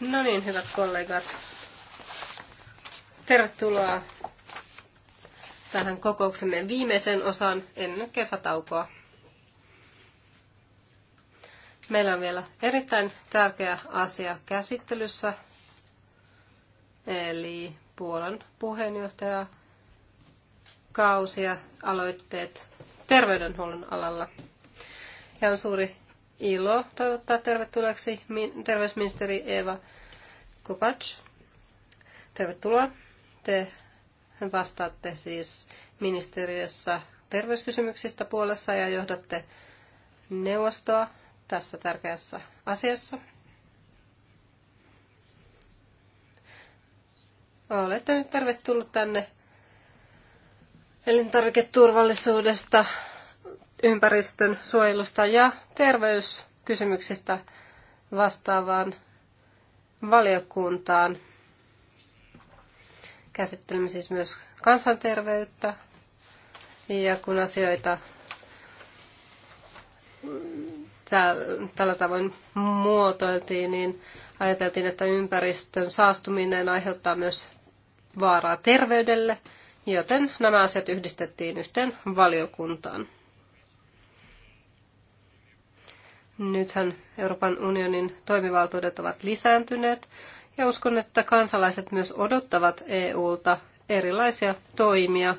No niin, hyvät kollegat. Tervetuloa tähän kokouksemme viimeisen osan ennen kesätaukoa. Meillä on vielä erittäin tärkeä asia käsittelyssä, eli Puolan puheenjohtaja kausia aloitteet terveydenhuollon alalla. Ja on suuri ilo toivottaa tervetulleeksi terveysministeri Eva Kopacz. Tervetuloa. Te vastaatte siis ministeriössä terveyskysymyksistä puolessa ja johdatte neuvostoa tässä tärkeässä asiassa. Olette nyt tervetullut tänne elintarviketurvallisuudesta ympäristön suojelusta ja terveyskysymyksistä vastaavaan valiokuntaan. Käsittelemme siis myös kansanterveyttä ja kun asioita tällä tavoin muotoiltiin, niin ajateltiin, että ympäristön saastuminen aiheuttaa myös vaaraa terveydelle, joten nämä asiat yhdistettiin yhteen valiokuntaan. Nythän Euroopan unionin toimivaltuudet ovat lisääntyneet ja uskon, että kansalaiset myös odottavat EUlta erilaisia toimia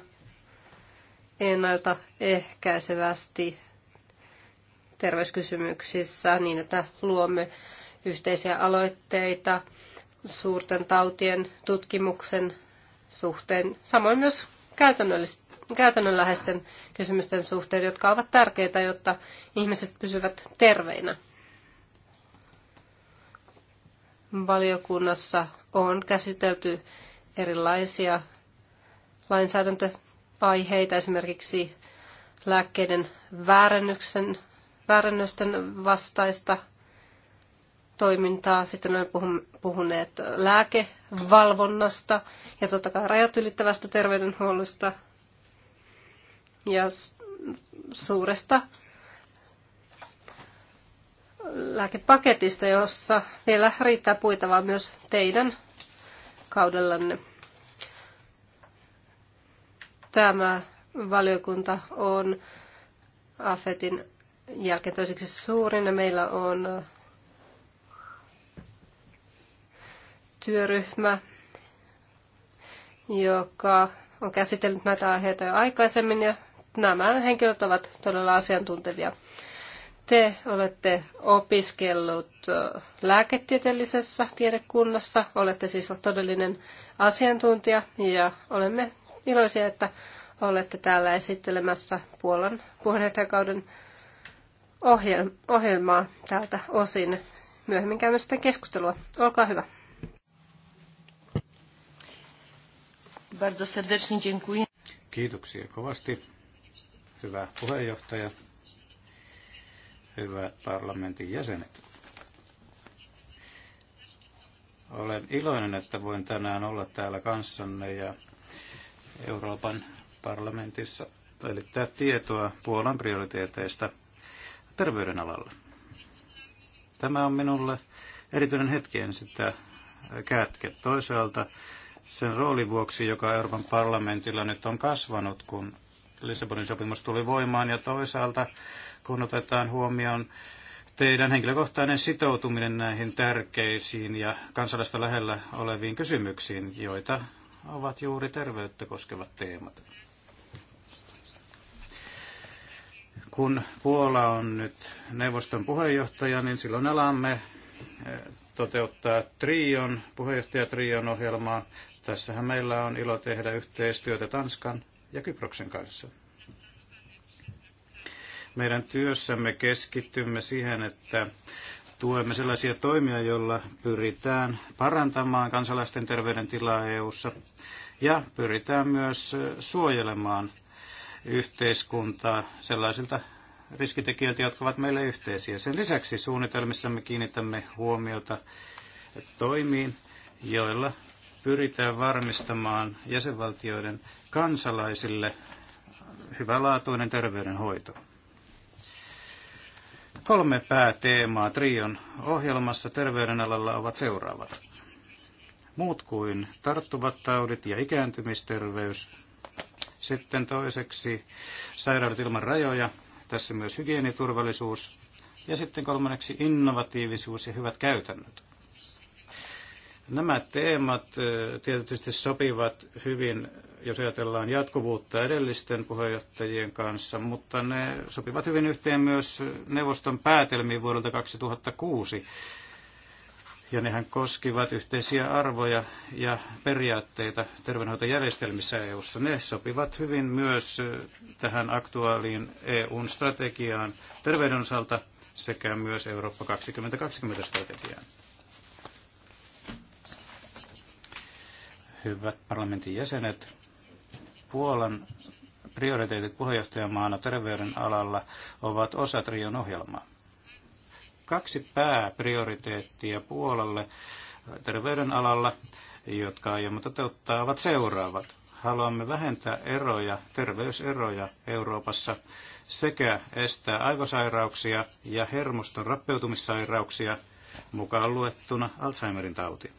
ennalta ehkäisevästi terveyskysymyksissä niin, että luomme yhteisiä aloitteita suurten tautien tutkimuksen suhteen, samoin myös käytännölliset käytännönläheisten kysymysten suhteen, jotka ovat tärkeitä, jotta ihmiset pysyvät terveinä. Valiokunnassa on käsitelty erilaisia lainsäädäntöaiheita, esimerkiksi lääkkeiden väärennyksen, väärennösten vastaista toimintaa. Sitten olemme puhuneet lääkevalvonnasta ja totta kai rajat ylittävästä terveydenhuollosta – ja suuresta lääkepaketista, jossa vielä riittää puitavaa myös teidän kaudellanne. Tämä valiokunta on AFETin jälkeen toiseksi suurin ja meillä on työryhmä, joka on käsitellyt näitä aiheita jo aikaisemmin ja nämä henkilöt ovat todella asiantuntevia. Te olette opiskellut lääketieteellisessä tiedekunnassa, olette siis todellinen asiantuntija ja olemme iloisia, että olette täällä esittelemässä Puolan puheenjohtajakauden ohjelmaa täältä osin. Myöhemmin käymme sitten keskustelua. Olkaa hyvä. Bardzo serdecznie dziękuję. Kiitoksia kovasti. Hyvä puheenjohtaja, hyvät parlamentin jäsenet. Olen iloinen, että voin tänään olla täällä kanssanne ja Euroopan parlamentissa välittää tietoa Puolan prioriteeteista terveydenalalla. Tämä on minulle erityinen hetki en sitä kätke. Toisaalta sen roolin vuoksi, joka Euroopan parlamentilla nyt on kasvanut, kun Lissabonin sopimus tuli voimaan ja toisaalta kun otetaan huomioon teidän henkilökohtainen sitoutuminen näihin tärkeisiin ja kansalaista lähellä oleviin kysymyksiin, joita ovat juuri terveyttä koskevat teemat. Kun Puola on nyt neuvoston puheenjohtaja, niin silloin alamme eh, toteuttaa Trion, puheenjohtajatrion ohjelmaa. Tässähän meillä on ilo tehdä yhteistyötä Tanskan ja Kyproksen kanssa. Meidän työssämme keskittymme siihen, että tuemme sellaisia toimia, joilla pyritään parantamaan kansalaisten terveydentilaa EU:ssa ja pyritään myös suojelemaan yhteiskuntaa sellaisilta riskitekijöiltä, jotka ovat meille yhteisiä. Sen lisäksi suunnitelmissamme kiinnitämme huomiota toimiin, joilla pyritään varmistamaan jäsenvaltioiden kansalaisille hyvälaatuinen terveydenhoito. Kolme pääteemaa Trion ohjelmassa terveydenalalla ovat seuraavat. Muut kuin tarttuvat taudit ja ikääntymisterveys. Sitten toiseksi sairaudet ilman rajoja, tässä myös hygieniturvallisuus. Ja sitten kolmanneksi innovatiivisuus ja hyvät käytännöt. Nämä teemat eh, tietysti sopivat hyvin, jos ajatellaan jatkuvuutta edellisten puheenjohtajien kanssa, mutta ne sopivat hyvin yhteen myös neuvoston päätelmiin vuodelta 2006. Ja nehän koskivat yhteisiä arvoja ja periaatteita terveydenhoitojärjestelmissä EU:ssa. Ne sopivat hyvin myös eh, tähän aktuaaliin EUn strategiaan terveyden osalta sekä myös Eurooppa 2020 strategiaan. hyvät parlamentin jäsenet. Puolan prioriteetit puheenjohtajamaana terveyden alalla ovat osa Trion ohjelmaa. Kaksi pääprioriteettia Puolalle terveyden alalla, jotka aiomme toteuttaa, ovat seuraavat. Haluamme vähentää eroja, terveyseroja Euroopassa sekä estää aivosairauksia ja hermoston rappeutumissairauksia mukaan luettuna Alzheimerin tauti.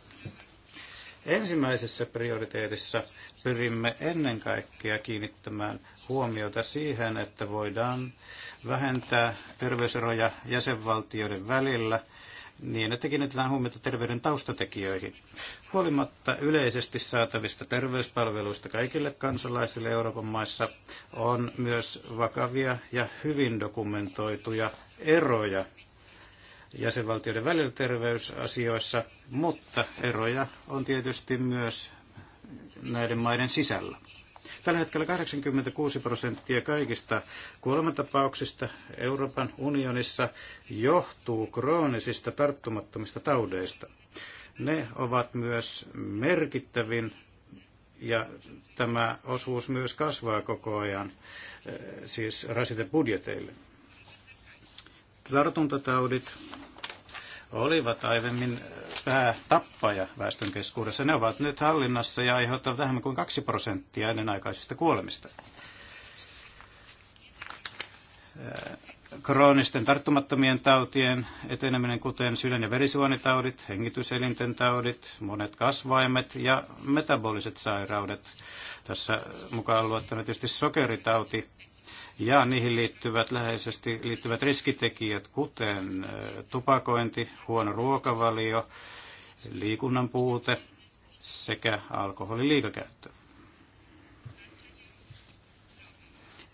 Ensimmäisessä prioriteetissa pyrimme ennen kaikkea kiinnittämään huomiota siihen, että voidaan vähentää terveyseroja jäsenvaltioiden välillä niin, että kiinnitetään huomiota terveyden taustatekijöihin. Huolimatta yleisesti saatavista terveyspalveluista kaikille kansalaisille Euroopan maissa on myös vakavia ja hyvin dokumentoituja eroja jäsenvaltioiden välillä terveysasioissa, mutta eroja on tietysti myös näiden maiden sisällä. Tällä hetkellä 86 prosenttia kaikista kuolemantapauksista Euroopan unionissa johtuu kroonisista tarttumattomista taudeista. Ne ovat myös merkittävin ja tämä osuus myös kasvaa koko ajan, eh, siis rasitebudjeteille. budjeteille. Tartuntataudit olivat aiemmin äh, päätappaja väestön keskuudessa. Ne ovat nyt hallinnassa ja aiheuttavat vähemmän kuin 2 prosenttia ennenaikaisista kuolemista. Äh, kroonisten tarttumattomien tautien eteneminen, kuten sydän- ja verisuonitaudit, hengityselinten taudit, monet kasvaimet ja metaboliset sairaudet. Tässä mukaan luettuna tietysti sokeritauti ja niihin liittyvät läheisesti liittyvät riskitekijät, kuten tupakointi, huono ruokavalio, liikunnan puute sekä alkoholin liikakäyttö.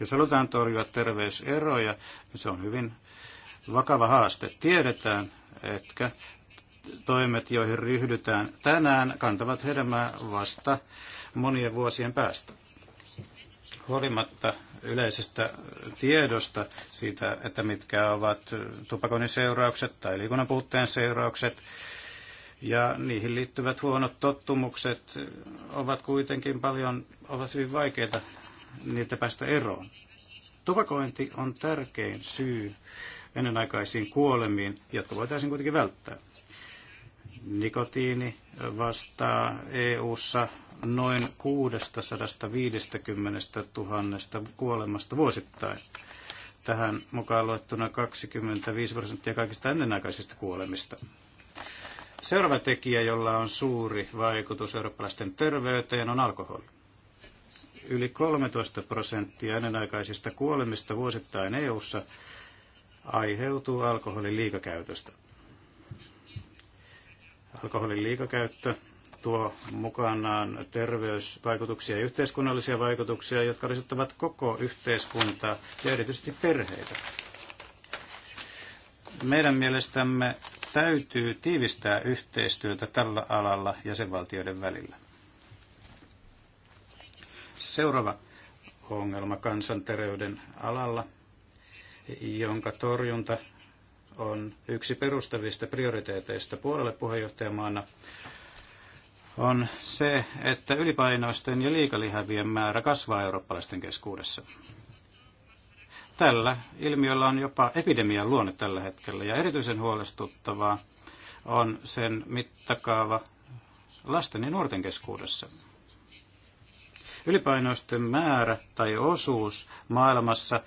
Jos halutaan torjua terveyseroja, niin se on hyvin vakava haaste. Tiedetään, että toimet, joihin ryhdytään tänään, kantavat hedelmää vasta monien vuosien päästä. Huolimatta yleisestä tiedosta siitä, että mitkä ovat tupakonin seuraukset tai liikunnan puutteen seuraukset. Ja niihin liittyvät huonot tottumukset ovat kuitenkin paljon, ovat hyvin vaikeita niiltä päästä eroon. Tupakointi on tärkein syy ennenaikaisiin kuolemiin, jotka voitaisiin kuitenkin välttää. Nikotiini vastaa EU-ssa noin 650 000 kuolemasta vuosittain. Tähän mukaan luettuna 25 prosenttia kaikista ennenaikaisista kuolemista. Seuraava tekijä, jolla on suuri vaikutus eurooppalaisten terveyteen, on alkoholi. Yli 13 prosenttia ennenaikaisista kuolemista vuosittain EU:ssa aiheutuu alkoholin liikakäytöstä. Alkoholin liikakäyttö tuo mukanaan terveysvaikutuksia ja yhteiskunnallisia vaikutuksia, jotka rasittavat koko yhteiskuntaa ja erityisesti perheitä. Meidän mielestämme täytyy tiivistää yhteistyötä tällä alalla jäsenvaltioiden välillä. Seuraava ongelma kansanterveyden alalla, jonka torjunta on yksi perustavista prioriteeteista puolelle puheenjohtajamaana, on se, että ylipainoisten ja liikalihavien määrä kasvaa eurooppalaisten keskuudessa. Tällä ilmiöllä on jopa epidemian luonne tällä hetkellä, ja erityisen huolestuttavaa on sen mittakaava lasten ja nuorten keskuudessa. Ylipainoisten määrä tai osuus maailmassa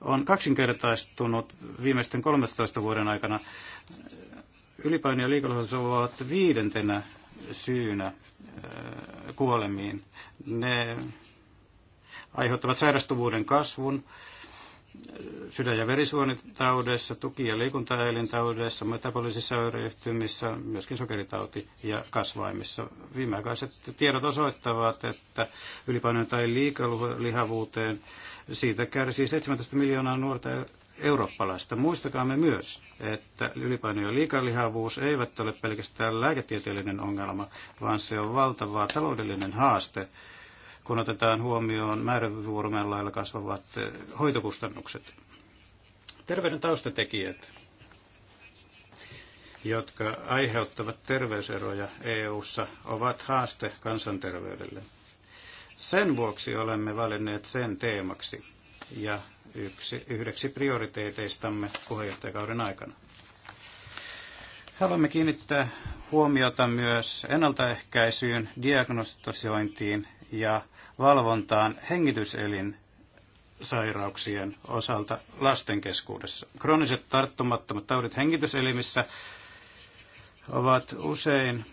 on kaksinkertaistunut viimeisten 13 vuoden aikana. Ylipaino ja liikalihavuus ovat viidentenä syynä äh, kuolemiin. Ne aiheuttavat sairastuvuuden kasvun äh, sydän- ja verisuonitaudessa, tuki- ja liikuntaelintaudessa, metabolisissa oireyhtymissä, myöskin sokeritauti- ja kasvaimissa. Viimeaikaiset tiedot osoittavat, että ylipainon tai liikalihavuuteen siitä kärsii 17 miljoonaa nuorta eurooppalaista. Muistakaamme myös, että ylipaino ja liikalihavuus eivät ole pelkästään lääketieteellinen ongelma, vaan se on valtava taloudellinen haaste, kun otetaan huomioon määrävuoromen lailla kasvavat eh, hoitokustannukset. Terveyden taustatekijät, jotka aiheuttavat terveyseroja EU:ssa, ovat haaste kansanterveydelle. Sen vuoksi olemme valinneet sen teemaksi ja yksi, yhdeksi prioriteeteistamme puheenjohtajakauden aikana. Haluamme kiinnittää huomiota myös ennaltaehkäisyyn, diagnostisointiin ja valvontaan hengityselin sairauksien osalta lasten keskuudessa. Krooniset tarttumattomat taudit hengityselimissä ovat usein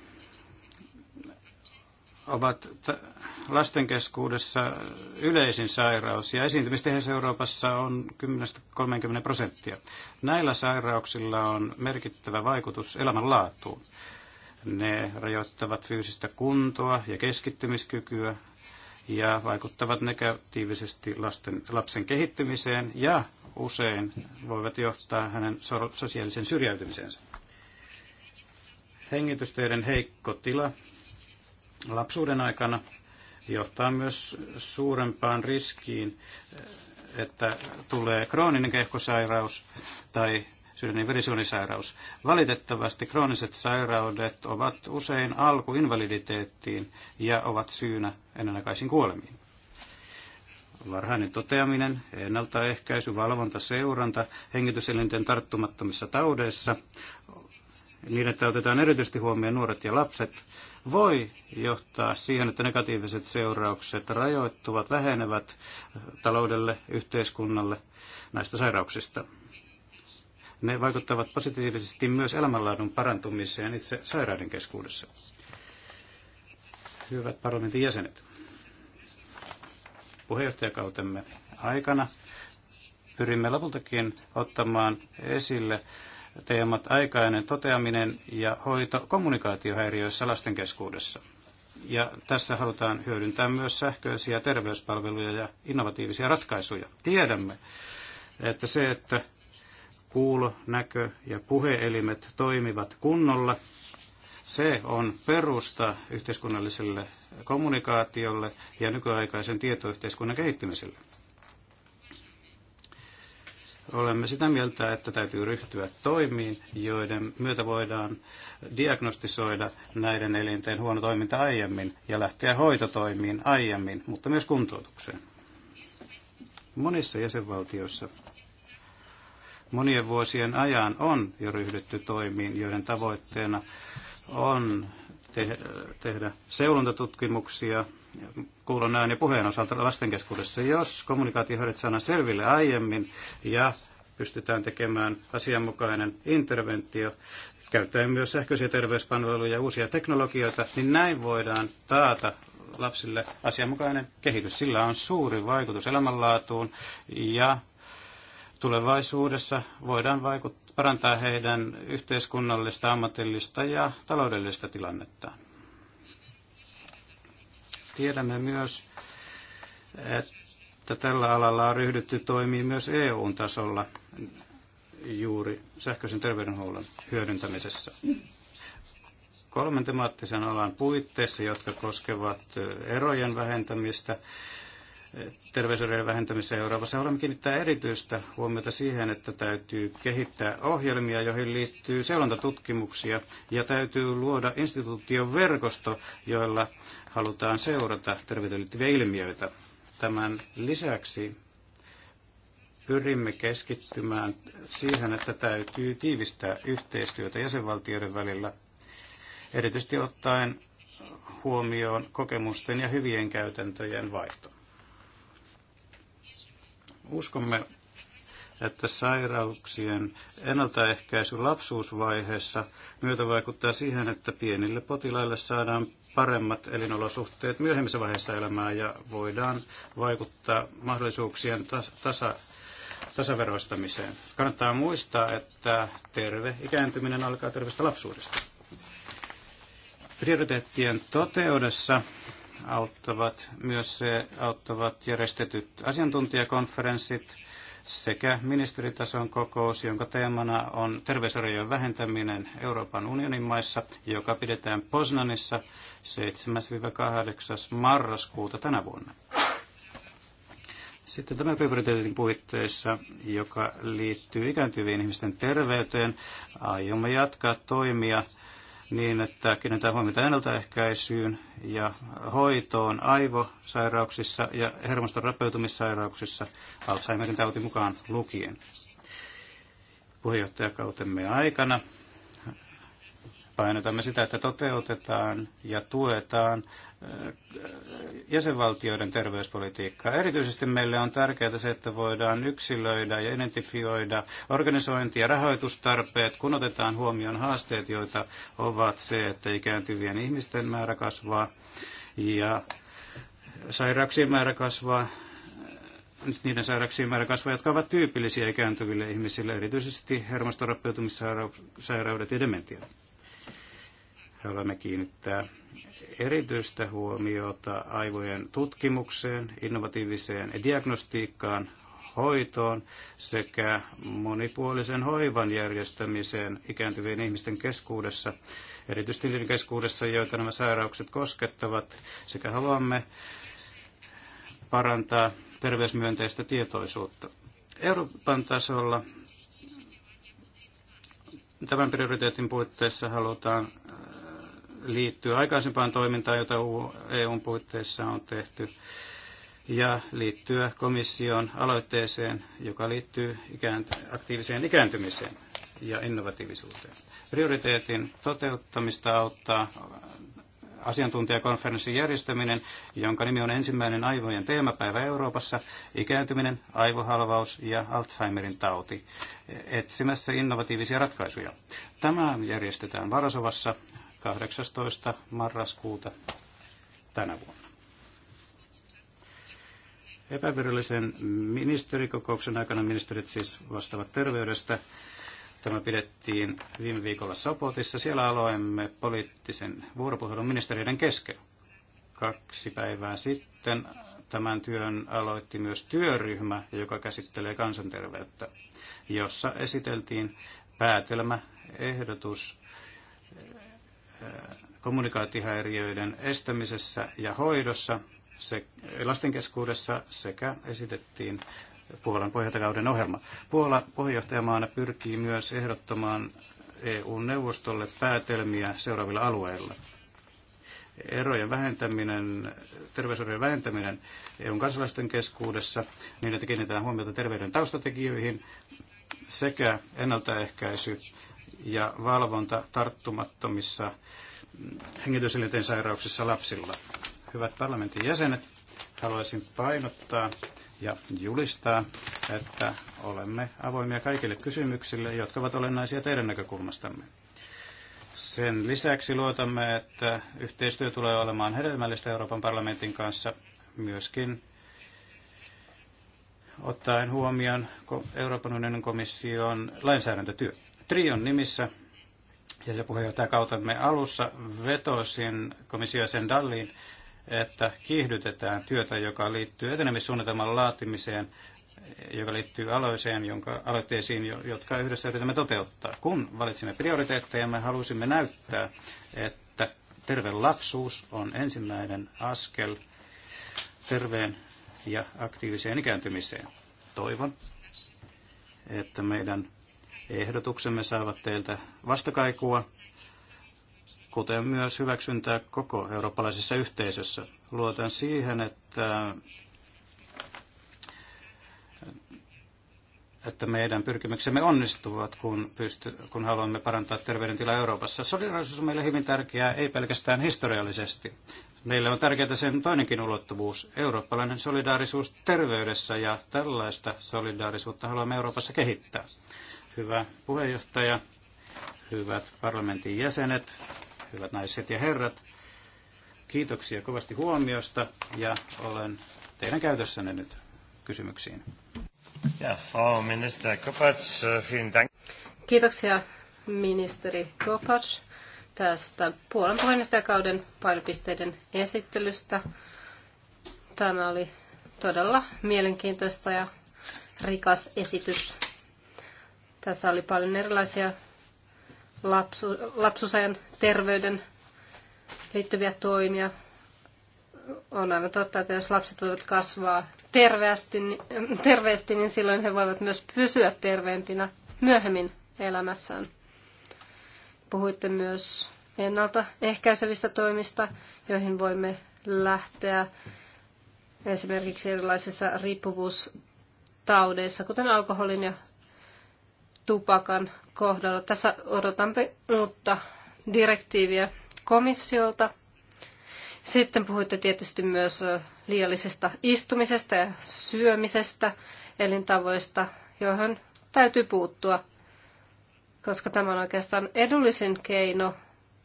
ovat lasten keskuudessa yleisin sairaus ja esiintymistehes Euroopassa on 10-30 prosenttia. Näillä sairauksilla on merkittävä vaikutus elämänlaatuun. Ne rajoittavat fyysistä kuntoa ja keskittymiskykyä ja vaikuttavat negatiivisesti lasten, lapsen kehittymiseen ja usein voivat johtaa hänen sosiaalisen syrjäytymisensä. Hengitysteiden heikko tila lapsuuden aikana johtaa myös suurempaan riskiin, että tulee krooninen keuhkosairaus tai sydänin verisuonisairaus. Valitettavasti krooniset sairaudet ovat usein alkuinvaliditeettiin ja ovat syynä ennenaikaisiin kuolemiin. Varhainen toteaminen, ennaltaehkäisy, valvonta, seuranta hengityselinten tarttumattomissa taudeissa, niin että otetaan erityisesti huomioon nuoret ja lapset, voi johtaa siihen, että negatiiviset seuraukset rajoittuvat, vähenevät taloudelle, yhteiskunnalle näistä sairauksista. Ne vaikuttavat positiivisesti myös elämänlaadun parantumiseen itse sairauden keskuudessa. Hyvät parlamentin jäsenet, puheenjohtajakautemme aikana pyrimme lopultakin ottamaan esille teemat aikainen toteaminen ja hoito kommunikaatiohäiriöissä lasten keskuudessa. Ja tässä halutaan hyödyntää myös sähköisiä terveyspalveluja ja innovatiivisia ratkaisuja. Tiedämme, että se, että kuulo, näkö ja puheelimet toimivat kunnolla, se on perusta yhteiskunnalliselle kommunikaatiolle ja nykyaikaisen tietoyhteiskunnan kehittymiselle. Olemme sitä mieltä, että täytyy ryhtyä toimiin, joiden myötä voidaan diagnostisoida näiden elinten huono toiminta aiemmin ja lähteä hoitotoimiin aiemmin, mutta myös kuntoutukseen. Monissa jäsenvaltioissa monien vuosien ajan on jo ryhdytty toimiin, joiden tavoitteena on te- tehdä seulontatutkimuksia kuulon ääni puheen osalta lasten keskuudessa, jos kommunikaatiohoidot saadaan selville aiemmin ja pystytään tekemään asianmukainen interventio, käyttäen myös sähköisiä terveyspalveluja ja uusia teknologioita, niin näin voidaan taata lapsille asianmukainen kehitys. Sillä on suuri vaikutus elämänlaatuun ja tulevaisuudessa voidaan vaikuttaa parantaa heidän yhteiskunnallista, ammatillista ja taloudellista tilannettaan. Tiedämme myös, että tällä alalla on ryhdytty toimiin myös EU-tasolla juuri sähköisen terveydenhuollon hyödyntämisessä. Kolmen temaattisen alan puitteissa, jotka koskevat erojen vähentämistä, terveyserojen vähentämiseen Euroopassa. Haluamme kiinnittää erityistä huomiota siihen, että täytyy kehittää ohjelmia, joihin liittyy seurantatutkimuksia ja täytyy luoda instituution verkosto, joilla halutaan seurata terveyteen liittyviä ilmiöitä. Tämän lisäksi pyrimme keskittymään siihen, että täytyy tiivistää yhteistyötä jäsenvaltioiden välillä, erityisesti ottaen huomioon kokemusten ja hyvien käytäntöjen vaihto. Uskomme, että sairauksien ennaltaehkäisy lapsuusvaiheessa myötä vaikuttaa siihen, että pienille potilaille saadaan paremmat elinolosuhteet myöhemmissä vaiheissa elämää ja voidaan vaikuttaa mahdollisuuksien tasa tasaveroistamiseen. Kannattaa muistaa, että terve ikääntyminen alkaa terveestä lapsuudesta. Prioriteettien toteudessa auttavat myös se auttavat järjestetyt asiantuntijakonferenssit sekä ministeritason kokous, jonka teemana on terveysarjojen vähentäminen Euroopan unionin maissa, joka pidetään Poznanissa 7-8. marraskuuta tänä vuonna. Sitten tämä prioriteetin puitteissa, joka liittyy ikääntyvien ihmisten terveyteen, aiomme jatkaa toimia niin, että kiinnitetään huomiota ennaltaehkäisyyn ja hoitoon aivosairauksissa ja hermoston rapeutumissairauksissa Alzheimerin tauti mukaan lukien. Puheenjohtajakautemme aikana painotamme sitä, että toteutetaan ja tuetaan jäsenvaltioiden terveyspolitiikkaa. Erityisesti meille on tärkeää se, että voidaan yksilöidä ja identifioida organisointi- ja rahoitustarpeet, kun otetaan huomioon haasteet, joita ovat se, että ikääntyvien ihmisten määrä kasvaa ja sairauksien määrä kasvaa, niiden sairauksien määrä kasvaa, jotka ovat tyypillisiä ikääntyville ihmisille, erityisesti hermostorappeutumissairaudet ja dementia haluamme kiinnittää erityistä huomiota aivojen tutkimukseen, innovatiiviseen diagnostiikkaan, hoitoon sekä monipuolisen hoivan järjestämiseen ikääntyvien ihmisten keskuudessa, erityisesti niiden keskuudessa, joita nämä sairaukset koskettavat, sekä haluamme parantaa terveysmyönteistä tietoisuutta. Euroopan tasolla tämän prioriteetin puitteissa halutaan liittyy aikaisempaan toimintaan, jota EUn puitteissa on tehty, ja liittyä komission aloitteeseen, joka liittyy ikäänt- aktiiviseen ikääntymiseen ja innovatiivisuuteen. Prioriteetin toteuttamista auttaa asiantuntijakonferenssin järjestäminen, jonka nimi on ensimmäinen aivojen teemapäivä Euroopassa, ikääntyminen, aivohalvaus ja Alzheimerin tauti, etsimässä innovatiivisia ratkaisuja. Tämä järjestetään Varsovassa 18. marraskuuta tänä vuonna. Epävirallisen ministerikokouksen aikana ministerit siis vastaavat terveydestä. Tämä pidettiin viime viikolla Sopotissa. Siellä aloimme poliittisen vuoropuhelun ministeriöiden kesken. Kaksi päivää sitten tämän työn aloitti myös työryhmä, joka käsittelee kansanterveyttä, jossa esiteltiin päätelmä, ehdotus kommunikaatiohäiriöiden estämisessä ja hoidossa se, lasten keskuudessa sekä esitettiin Puolan puheenjohtajakauden ohjelma. Puola puheenjohtajamaana pyrkii myös ehdottamaan EU-neuvostolle päätelmiä seuraavilla alueilla. Erojen vähentäminen, terveyserojen vähentäminen EUn kansalaisten keskuudessa, niin että kiinnitetään huomiota terveyden taustatekijöihin sekä ennaltaehkäisy ja valvonta tarttumattomissa hengityselinten sairauksissa lapsilla. Hyvät parlamentin jäsenet, haluaisin painottaa ja julistaa, että olemme avoimia kaikille kysymyksille, jotka ovat olennaisia teidän näkökulmastamme. Sen lisäksi luotamme, että yhteistyö tulee olemaan hedelmällistä Euroopan parlamentin kanssa myöskin ottaen huomioon Euroopan unionin komission lainsäädäntötyö. Trion nimissä ja jo puheenjohtajakautemme alussa vetosin komissio sen dalliin, että kiihdytetään työtä, joka liittyy etenemissuunnitelman laatimiseen, joka liittyy aloiseen, jonka, aloitteisiin, jotka yhdessä yritämme toteuttaa. Kun valitsimme prioriteetteja, me halusimme näyttää, että terve lapsuus on ensimmäinen askel terveen ja aktiiviseen ikääntymiseen. Toivon, että meidän Ehdotuksemme saavat teiltä vastakaikua, kuten myös hyväksyntää koko eurooppalaisessa yhteisössä. Luotan siihen, että että meidän pyrkimyksemme onnistuvat, kun, pysty, kun haluamme parantaa terveydentilaa Euroopassa. Solidaarisuus on meille hyvin tärkeää, ei pelkästään historiallisesti. Meille on tärkeää sen toinenkin ulottuvuus, eurooppalainen solidaarisuus terveydessä, ja tällaista solidaarisuutta haluamme Euroopassa kehittää. Hyvä puheenjohtaja, hyvät parlamentin jäsenet, hyvät naiset ja herrat. Kiitoksia kovasti huomiosta ja olen teidän käytössänne nyt kysymyksiin. Ja, Frau Minister Kopacz, Kiitoksia ministeri Kopacz tästä Puolan puheenjohtajakauden painopisteiden esittelystä. Tämä oli todella mielenkiintoista ja rikas esitys tässä oli paljon erilaisia lapsu, lapsusajan terveyden liittyviä toimia. On aivan totta, että jos lapset voivat kasvaa terveästi, niin, terveesti, niin silloin he voivat myös pysyä terveempinä myöhemmin elämässään. Puhuitte myös ennaltaehkäisevistä toimista, joihin voimme lähteä esimerkiksi erilaisissa riippuvuustaudeissa, kuten alkoholin ja tupakan kohdalla. Tässä odotamme uutta direktiiviä komissiolta. Sitten puhuitte tietysti myös liiallisesta istumisesta ja syömisestä, elintavoista, johon täytyy puuttua, koska tämä on oikeastaan edullisin keino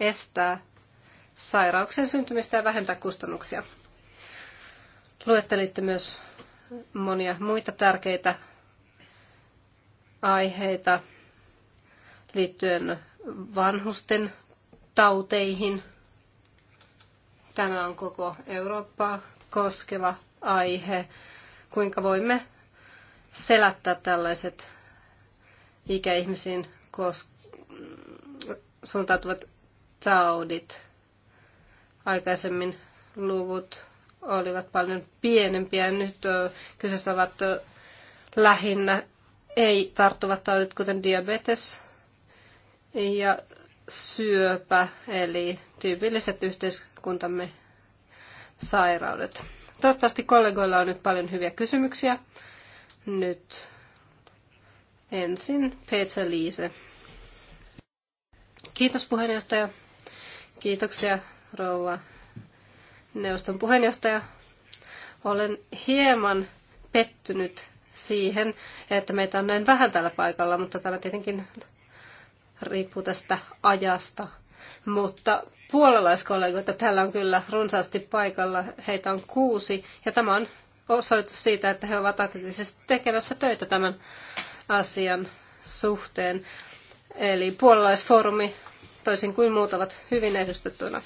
estää sairauksien syntymistä ja vähentää kustannuksia. Luettelitte myös monia muita tärkeitä aiheita liittyen vanhusten tauteihin. Tämä on koko Eurooppaa koskeva aihe. Kuinka voimme selättää tällaiset ikäihmisiin kos- suuntautuvat taudit. Aikaisemmin luvut olivat paljon pienempiä. Nyt kyseessä ovat lähinnä ei tarttuvat taudit, kuten diabetes ja syöpä, eli tyypilliset yhteiskuntamme sairaudet. Toivottavasti kollegoilla on nyt paljon hyviä kysymyksiä. Nyt ensin Peter Liise. Kiitos puheenjohtaja. Kiitoksia rouva neuvoston puheenjohtaja. Olen hieman pettynyt siihen, että meitä on näin vähän tällä paikalla, mutta tämä tietenkin riippuu tästä ajasta. Mutta puolalaiskollegoita täällä on kyllä runsaasti paikalla. Heitä on kuusi ja tämä on osoitus siitä, että he ovat aktiivisesti tekemässä töitä tämän asian suhteen. Eli puolalaisfoorumi, toisin kuin muut, ovat hyvin edustettuna.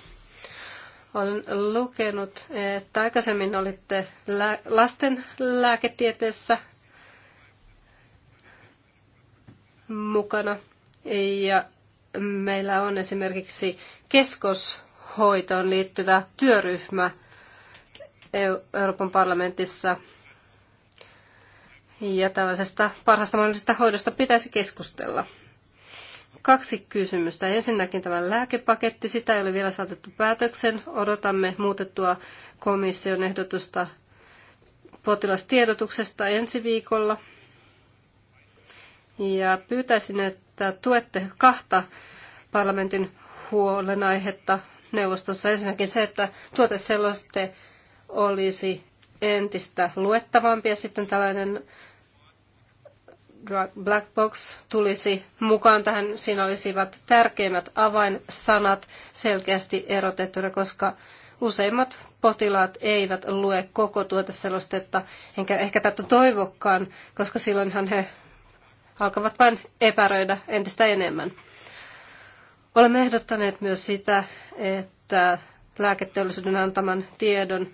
Olen lukenut, että aikaisemmin olitte lasten lääketieteessä mukana. Ja meillä on esimerkiksi keskoshoitoon liittyvä työryhmä Euroopan parlamentissa. Ja tällaisesta parhaasta mahdollisesta hoidosta pitäisi keskustella. Kaksi kysymystä. Ensinnäkin tämä lääkepaketti, sitä ei ole vielä saatettu päätöksen. Odotamme muutettua komission ehdotusta potilastiedotuksesta ensi viikolla – ja pyytäisin, että tuette kahta parlamentin huolenaihetta neuvostossa. Ensinnäkin se, että tuoteseloste olisi entistä luettavampi ja sitten tällainen Black Box tulisi mukaan tähän. Siinä olisivat tärkeimmät avainsanat selkeästi erotettuna, koska useimmat potilaat eivät lue koko tuoteselostetta, enkä ehkä tätä toivokkaan, koska silloinhan he alkavat vain epäröidä entistä enemmän. Olemme ehdottaneet myös sitä, että lääketeollisuuden antaman tiedon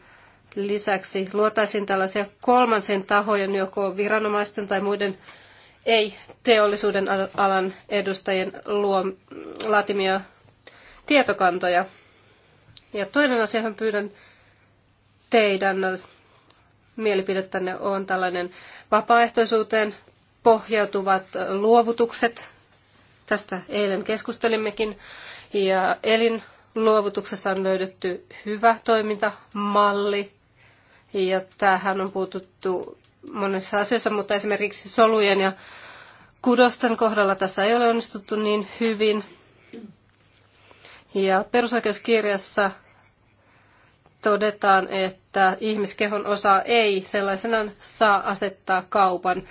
lisäksi luotaisiin tällaisia kolmansien tahojen, joko viranomaisten tai muiden ei-teollisuuden alan edustajien luo, laatimia tietokantoja. Ja toinen asia, johon pyydän teidän mielipidettänne, on tällainen vapaaehtoisuuteen pohjautuvat luovutukset. Tästä eilen keskustelimmekin. Ja elinluovutuksessa on löydetty hyvä toimintamalli. Ja tähän on puututtu monessa asiassa, mutta esimerkiksi solujen ja kudosten kohdalla tässä ei ole onnistuttu niin hyvin. Ja perusoikeuskirjassa todetaan, että ihmiskehon osa ei sellaisenaan saa asettaa kaupan.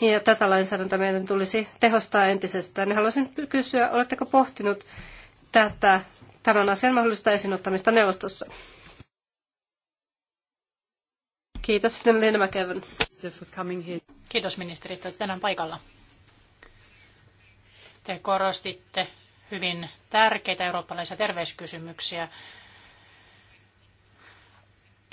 Ja tätä lainsäädäntöä meidän tulisi tehostaa entisestään. Ja haluaisin kysyä, oletteko pohtinut tätä, tämän asian mahdollista esinottamista neuvostossa? Kiitos sitten Linda McEwan. Kiitos ministeri, että olette tänään paikalla. Te korostitte hyvin tärkeitä eurooppalaisia terveyskysymyksiä.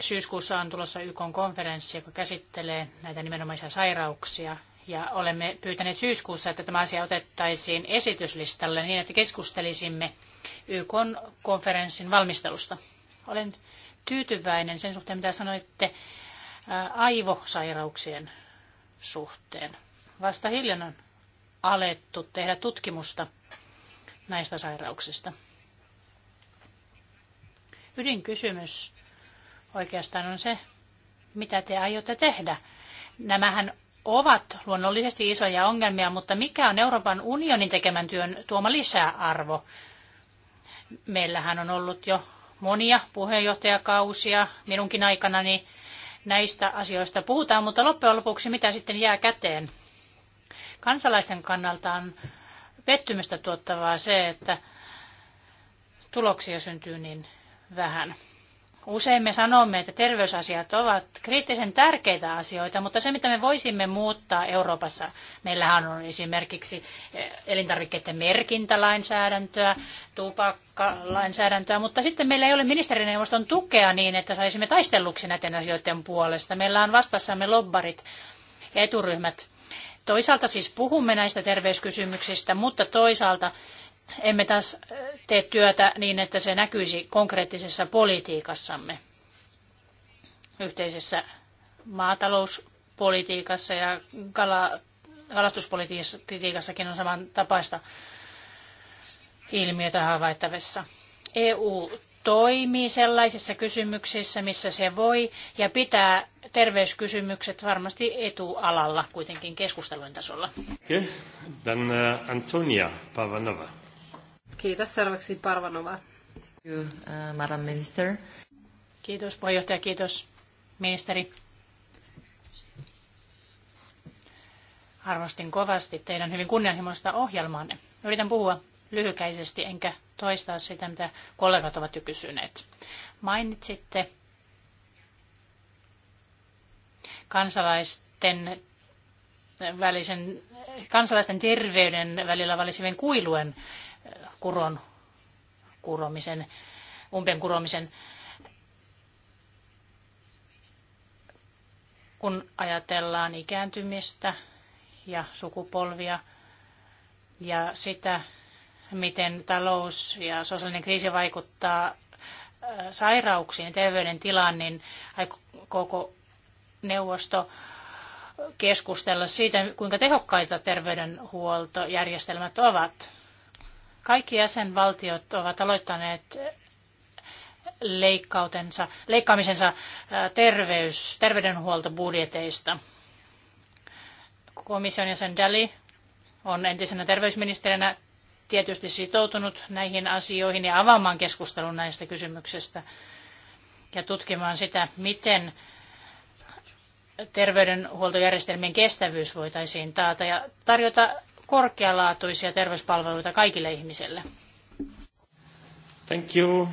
Syyskuussa on tulossa YK-konferenssi, joka käsittelee näitä nimenomaisia sairauksia. Ja olemme pyytäneet syyskuussa, että tämä asia otettaisiin esityslistalle niin, että keskustelisimme YK-konferenssin valmistelusta. Olen tyytyväinen sen suhteen, mitä sanoitte äh, aivosairauksien suhteen. Vasta hiljan on alettu tehdä tutkimusta näistä sairauksista. Ydinkysymys oikeastaan on se, mitä te aiotte tehdä. Nämähän ovat luonnollisesti isoja ongelmia, mutta mikä on Euroopan unionin tekemän työn tuoma lisäarvo? Meillähän on ollut jo monia puheenjohtajakausia minunkin aikana niin näistä asioista puhutaan, mutta loppujen lopuksi mitä sitten jää käteen? Kansalaisten kannalta on pettymystä tuottavaa se, että tuloksia syntyy niin vähän. Usein me sanomme, että terveysasiat ovat kriittisen tärkeitä asioita, mutta se mitä me voisimme muuttaa Euroopassa, meillähän on esimerkiksi eh, elintarvikkeiden merkintälainsäädäntöä, tupakkalainsäädäntöä, mutta sitten meillä ei ole ministerineuvoston tukea niin, että saisimme taistelluksi näiden asioiden puolesta. Meillä on vastassamme lobbarit ja eturyhmät. Toisaalta siis puhumme näistä terveyskysymyksistä, mutta toisaalta emme taas äh, tee työtä niin, että se näkyisi konkreettisessa politiikassamme, yhteisessä maatalouspolitiikassa ja kala, kalastuspolitiikassakin on samantapaista ilmiötä havaittavissa. EU toimii sellaisissa kysymyksissä, missä se voi ja pitää terveyskysymykset varmasti etualalla kuitenkin keskustelun tasolla. Okay. Then, uh, Antonia Pavanova. Kiitos seuraavaksi Parvanova. Uh, Madam Minister. Kiitos puheenjohtaja, kiitos ministeri. Arvostin kovasti teidän hyvin kunnianhimoista ohjelmaanne. Yritän puhua lyhykäisesti enkä toistaa sitä, mitä kollegat ovat jo kysyneet. Mainitsitte kansalaisten välisen kansalaisten terveyden välillä valisivien kuilujen kuron, kuromisen, umpeen kuromisen. Kun ajatellaan ikääntymistä ja sukupolvia ja sitä, miten talous ja sosiaalinen kriisi vaikuttaa äh, sairauksiin ja terveydentilaan, niin koko neuvosto keskustella siitä, kuinka tehokkaita terveydenhuoltojärjestelmät ovat. Kaikki jäsenvaltiot ovat aloittaneet leikkautensa, leikkaamisensa terveys, terveydenhuoltobudjeteista. Komission jäsen Dali on entisenä terveysministerinä tietysti sitoutunut näihin asioihin ja avaamaan keskustelun näistä kysymyksistä ja tutkimaan sitä, miten terveydenhuoltojärjestelmien kestävyys voitaisiin taata ja tarjota korkealaatuisia terveyspalveluita kaikille ihmisille. Thank you.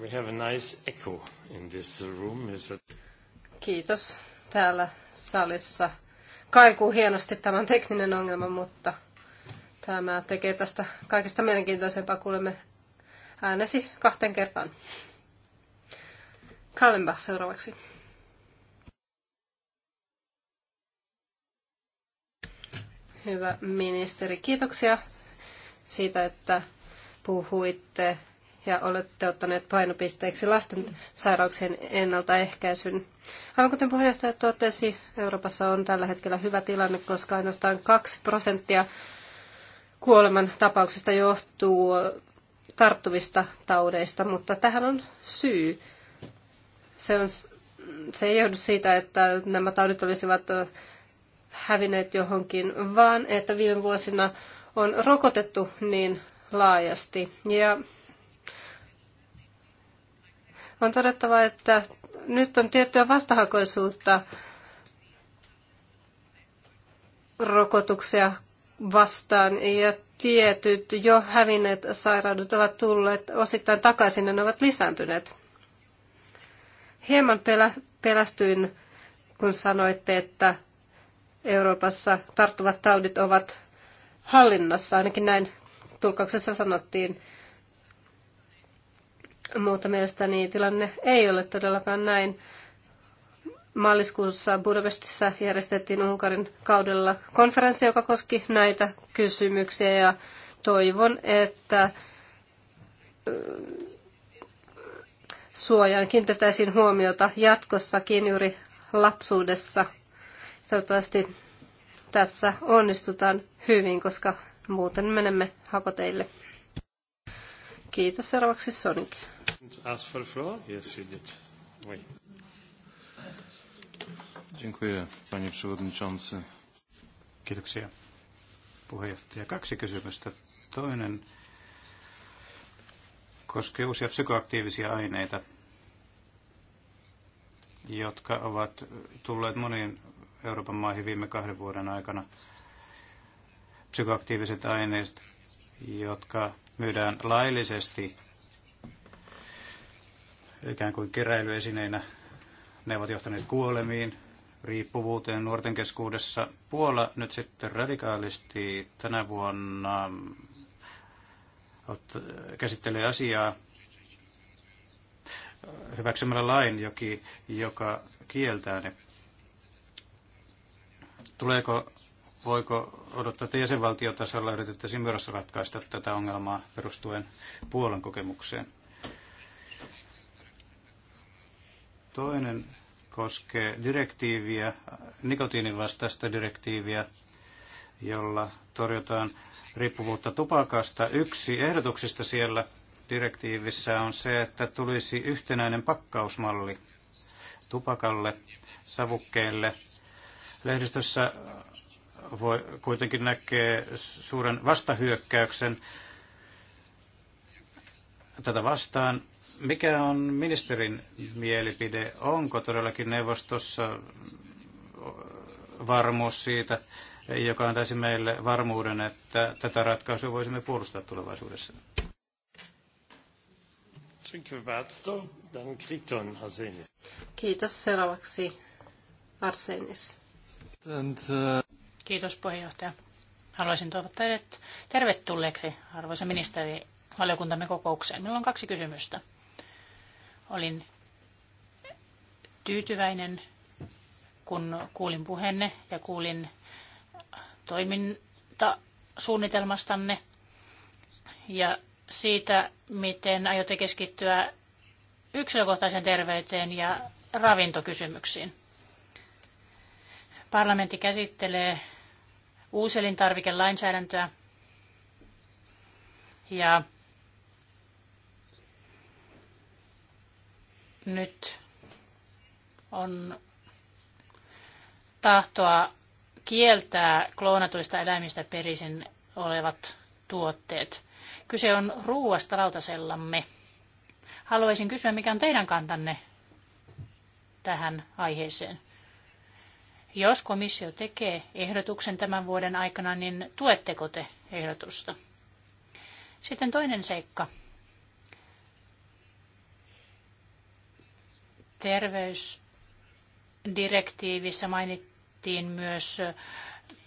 We have a nice echo in this room. Is it... Kiitos. Täällä salissa kaikuu hienosti tämän tekninen ongelma, mutta tämä tekee tästä kaikesta mielenkiintoisempaa. Kuulemme äänesi kahteen kertaan. Kallenbach seuraavaksi. hyvä ministeri. Kiitoksia siitä, että puhuitte ja olette ottaneet painopisteeksi lasten sairauksien ennaltaehkäisyn. Aivan kuten puheenjohtaja totesi, Euroopassa on tällä hetkellä hyvä tilanne, koska ainoastaan 2 prosenttia kuoleman tapauksista johtuu tarttuvista taudeista, mutta tähän on syy. Se, on, se ei johdu siitä, että nämä taudit olisivat hävinneet johonkin, vaan että viime vuosina on rokotettu niin laajasti. Ja on todettava, että nyt on tiettyä vastahakoisuutta rokotuksia vastaan ja tietyt jo hävinneet sairaudet ovat tulleet osittain takaisin ja ne ovat lisääntyneet. Hieman pelä, pelästyin, kun sanoitte, että Euroopassa tarttuvat taudit ovat hallinnassa, ainakin näin tulkauksessa sanottiin. Mutta mielestäni tilanne ei ole todellakaan näin. Maaliskuussa Budapestissa järjestettiin Unkarin kaudella konferenssi, joka koski näitä kysymyksiä ja toivon, että äh, suojaan kiinnitettäisiin huomiota jatkossakin juuri lapsuudessa – Toivottavasti tässä onnistutaan hyvin, koska muuten menemme hakoteille. Kiitos seuraavaksi Sonic. you Kiitoksia, puheenjohtaja. Kaksi kysymystä. Toinen koskee uusia psykoaktiivisia aineita, jotka ovat tulleet moniin Euroopan maihin viime kahden vuoden aikana. Psykoaktiiviset aineet, jotka myydään laillisesti ikään kuin keräilyesineinä, ne ovat johtaneet kuolemiin, riippuvuuteen nuorten keskuudessa. Puola nyt sitten radikaalisti tänä vuonna käsittelee asiaa hyväksymällä lain, joki, joka kieltää ne. Tuleeko, voiko odottaa, että jäsenvaltiotasolla yritettäisiin myös ratkaista tätä ongelmaa perustuen Puolan kokemukseen? Toinen koskee direktiiviä, nikotiinin vastaista direktiiviä, jolla torjutaan riippuvuutta tupakasta. Yksi ehdotuksista siellä direktiivissä on se, että tulisi yhtenäinen pakkausmalli tupakalle, savukkeille Lehdistössä voi, kuitenkin näkee suuren vastahyökkäyksen tätä vastaan. Mikä on ministerin mielipide? Onko todellakin neuvostossa varmuus siitä, joka antaisi meille varmuuden, että tätä ratkaisua voisimme puolustaa tulevaisuudessa? Kiitos. Seuraavaksi Arsenis. And, uh... Kiitos puheenjohtaja. Haluaisin toivottaa teidät tervetulleeksi, arvoisa ministeri, valiokuntamme kokoukseen. Minulla on kaksi kysymystä. Olin tyytyväinen, kun kuulin puheenne ja kuulin toimintasuunnitelmastanne ja siitä, miten aiotte keskittyä yksilökohtaisen terveyteen ja ravintokysymyksiin. Parlamentti käsittelee uuselintarvikelainsäädäntöä ja nyt on tahtoa kieltää kloonatuista eläimistä perisin olevat tuotteet. Kyse on ruuasta lautasellamme. Haluaisin kysyä, mikä on teidän kantanne tähän aiheeseen? Jos komissio tekee ehdotuksen tämän vuoden aikana, niin tuetteko te ehdotusta? Sitten toinen seikka. Terveysdirektiivissä mainittiin myös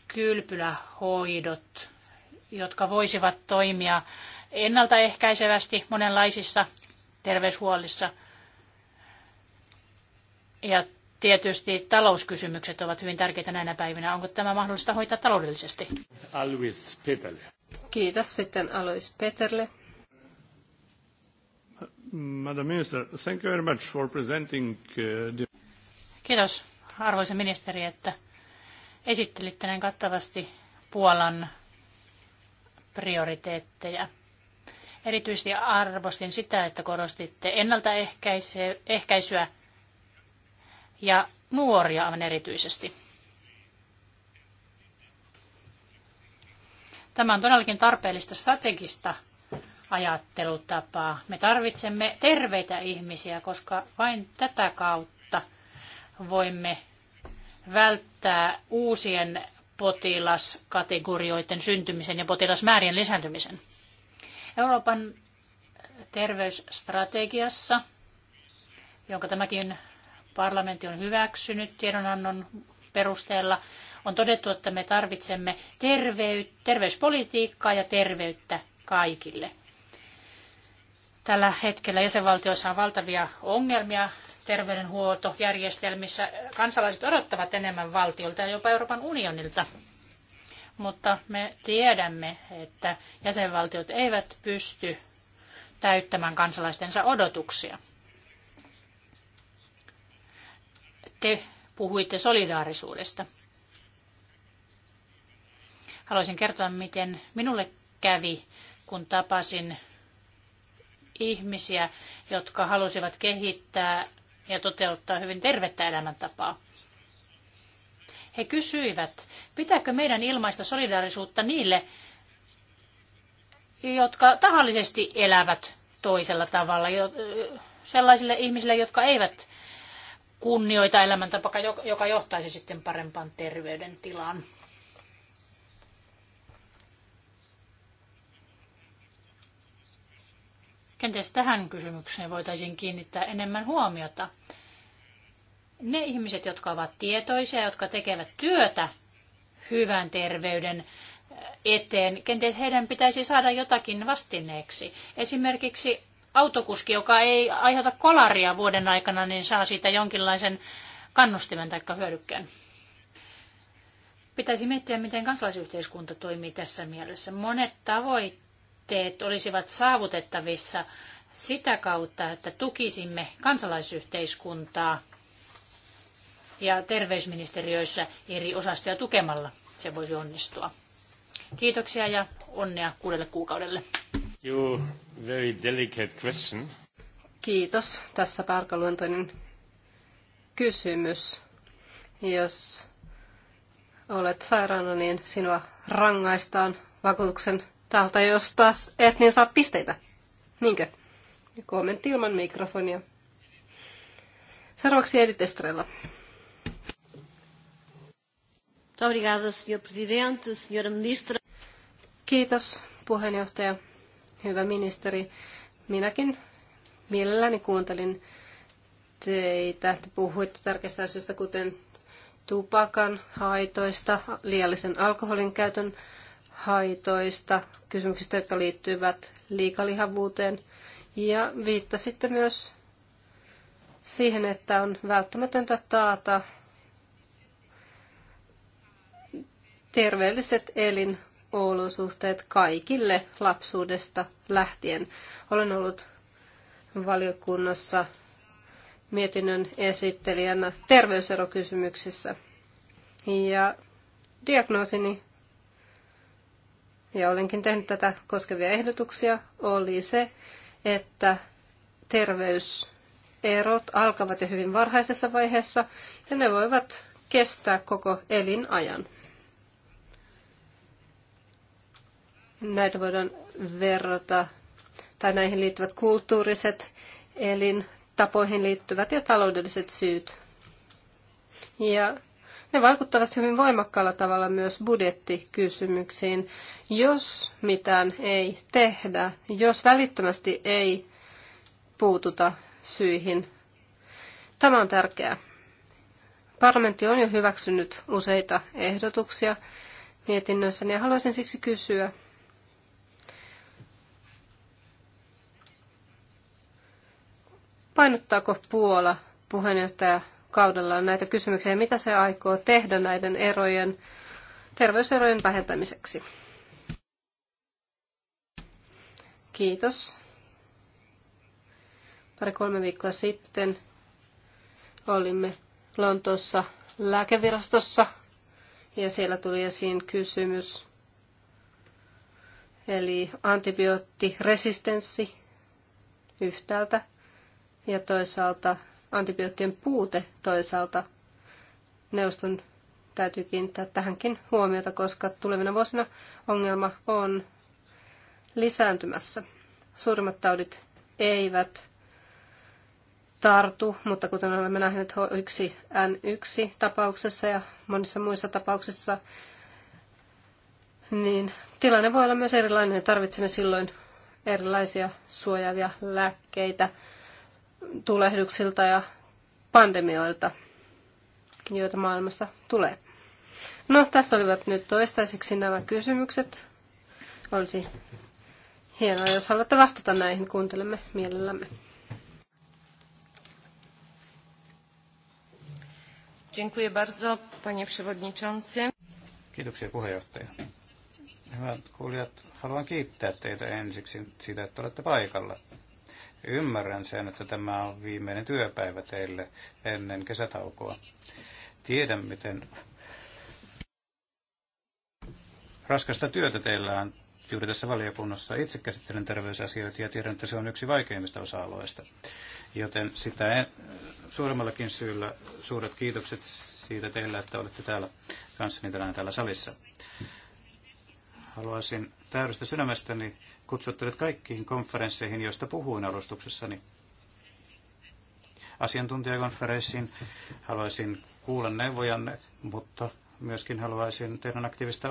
kylpylähoidot, jotka voisivat toimia ennaltaehkäisevästi monenlaisissa terveyshuollissa. Ja Tietysti talouskysymykset ovat hyvin tärkeitä näinä päivinä. Onko tämä mahdollista hoitaa taloudellisesti? Alois Peterle. Kiitos sitten Alois Peterle. Madam Minister, thank you very much for presenting uh, the... Kiitos arvoisa ministeri, että esittelitte näin kattavasti Puolan prioriteetteja. Erityisesti arvostin sitä, että korostitte ennaltaehkäisyä ja nuoria aivan erityisesti. Tämä on todellakin tarpeellista strategista ajattelutapaa. Me tarvitsemme terveitä ihmisiä, koska vain tätä kautta voimme välttää uusien potilaskategorioiden syntymisen ja potilasmäärien lisääntymisen. Euroopan terveysstrategiassa, jonka tämäkin parlamentti on hyväksynyt tiedonannon perusteella. On todettu, että me tarvitsemme terveyspolitiikkaa ja terveyttä kaikille. Tällä hetkellä jäsenvaltioissa on valtavia ongelmia terveydenhuoltojärjestelmissä. Kansalaiset odottavat enemmän valtiolta ja jopa Euroopan unionilta. Mutta me tiedämme, että jäsenvaltiot eivät pysty täyttämään kansalaistensa odotuksia. Te puhuitte solidaarisuudesta. Haluaisin kertoa, miten minulle kävi, kun tapasin ihmisiä, jotka halusivat kehittää ja toteuttaa hyvin tervettä elämäntapaa. He kysyivät, pitääkö meidän ilmaista solidaarisuutta niille, jotka tahallisesti elävät toisella tavalla, sellaisille ihmisille, jotka eivät kunnioita elämäntapa, joka johtaisi sitten parempaan terveydentilaan. Kenties tähän kysymykseen voitaisiin kiinnittää enemmän huomiota. Ne ihmiset, jotka ovat tietoisia, jotka tekevät työtä hyvän terveyden eh, eteen, kenties heidän pitäisi saada jotakin vastineeksi. Esimerkiksi autokuski, joka ei aiheuta kolaria vuoden aikana, niin saa siitä jonkinlaisen kannustimen tai hyödykkeen. Pitäisi miettiä, miten kansalaisyhteiskunta toimii tässä mielessä. Monet tavoitteet olisivat saavutettavissa sitä kautta, että tukisimme kansalaisyhteiskuntaa ja terveysministeriöissä eri osastoja tukemalla se voisi onnistua. Kiitoksia ja onnea kuudelle kuukaudelle very delicate question. Kiitos. Tässä arkaluontoinen kysymys. Jos olet sairaana, niin sinua rangaistaan vakuutuksen taholta, jos taas et, niin saat pisteitä. Niinkö? Kommentti ilman mikrofonia. Seuraavaksi Edith Estrella. Kiitos, puheenjohtaja hyvä ministeri. Minäkin mielelläni kuuntelin teitä. Te puhuitte tärkeistä asioista, kuten tupakan haitoista, liiallisen alkoholin käytön haitoista, kysymyksistä, jotka liittyvät liikalihavuuteen. Ja viittasitte myös siihen, että on välttämätöntä taata terveelliset elin olosuhteet kaikille lapsuudesta lähtien. Olen ollut valiokunnassa mietinnön esittelijänä terveyserokysymyksissä. Ja diagnoosini, ja olenkin tehnyt tätä koskevia ehdotuksia, oli se, että terveyserot alkavat jo hyvin varhaisessa vaiheessa ja ne voivat kestää koko elinajan. näitä voidaan verrata, tai näihin liittyvät kulttuuriset elintapoihin liittyvät ja taloudelliset syyt. Ja ne vaikuttavat hyvin voimakkaalla tavalla myös budjettikysymyksiin. Jos mitään ei tehdä, jos välittömästi ei puututa syihin, tämä on tärkeää. Parlamentti on jo hyväksynyt useita ehdotuksia mietinnössä, ja haluaisin siksi kysyä, Painottaako Puola puheenjohtaja kaudellaan näitä kysymyksiä ja mitä se aikoo tehdä näiden erojen, terveyserojen vähentämiseksi? Kiitos. Pari-kolme viikkoa sitten olimme Lontoossa lääkevirastossa ja siellä tuli esiin kysymys, eli antibioottiresistenssi yhtäältä ja toisaalta antibioottien puute toisaalta neuvoston täytyy kiinnittää tähänkin huomiota, koska tulevina vuosina ongelma on lisääntymässä. Suurimmat taudit eivät tartu, mutta kuten olemme nähneet H1N1-tapauksessa ja monissa muissa tapauksissa, niin tilanne voi olla myös erilainen ja tarvitsemme silloin erilaisia suojaavia lääkkeitä tulehduksilta ja pandemioilta, joita maailmasta tulee. No, tässä olivat nyt toistaiseksi nämä kysymykset. Olisi hienoa, jos haluatte vastata näihin. Kuuntelemme mielellämme. Dziękuję bardzo, panie przewodniczący. Kiitoksia puheenjohtaja. Hyvät kuulijat, haluan kiittää teitä ensiksi siitä, että olette paikalla. Ymmärrän sen, että tämä on viimeinen työpäivä teille ennen kesätaukoa. Tiedän, miten raskasta työtä teillä on juuri tässä valiokunnassa. Itse käsittelen terveysasioita ja tiedän, että se on yksi vaikeimmista osa-alueista. Joten sitä en, suuremmallakin syyllä suuret kiitokset siitä teille, että olette täällä kanssani tänään täällä salissa. Haluaisin täydestä sydämestäni kutsuttelut kaikkiin konferensseihin, joista puhuin alustuksessani. Asiantuntijakonferenssiin haluaisin kuulla neuvojanne, mutta myöskin haluaisin teidän aktiivista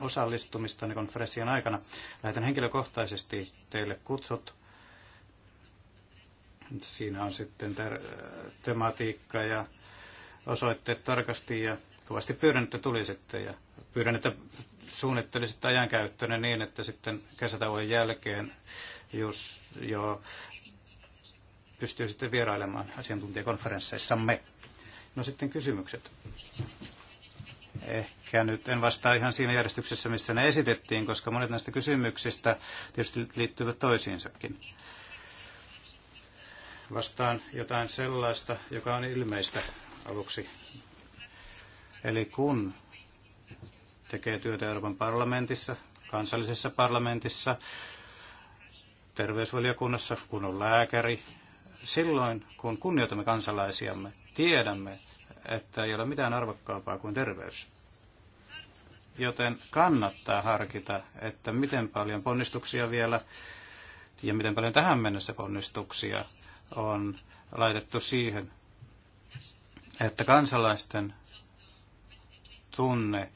osallistumista konferenssien aikana. Lähetän henkilökohtaisesti teille kutsut. Siinä on sitten tematiikka ja osoitteet tarkasti ja kovasti pyydän, että tulisitte ja pyydän, että suunnittelisit ajankäyttöön niin, että sitten kesätauon jälkeen, jos jo pystyy sitten vierailemaan asiantuntijakonferensseissamme. No sitten kysymykset. Ehkä nyt en vastaa ihan siinä järjestyksessä, missä ne esitettiin, koska monet näistä kysymyksistä tietysti liittyvät toisiinsakin. Vastaan jotain sellaista, joka on ilmeistä aluksi. Eli kun tekee työtä Euroopan parlamentissa, kansallisessa parlamentissa, terveysvaliokunnassa, kun on lääkäri. Silloin, kun kunnioitamme kansalaisiamme, tiedämme, että ei ole mitään arvokkaampaa kuin terveys. Joten kannattaa harkita, että miten paljon ponnistuksia vielä ja miten paljon tähän mennessä ponnistuksia on laitettu siihen, että kansalaisten tunne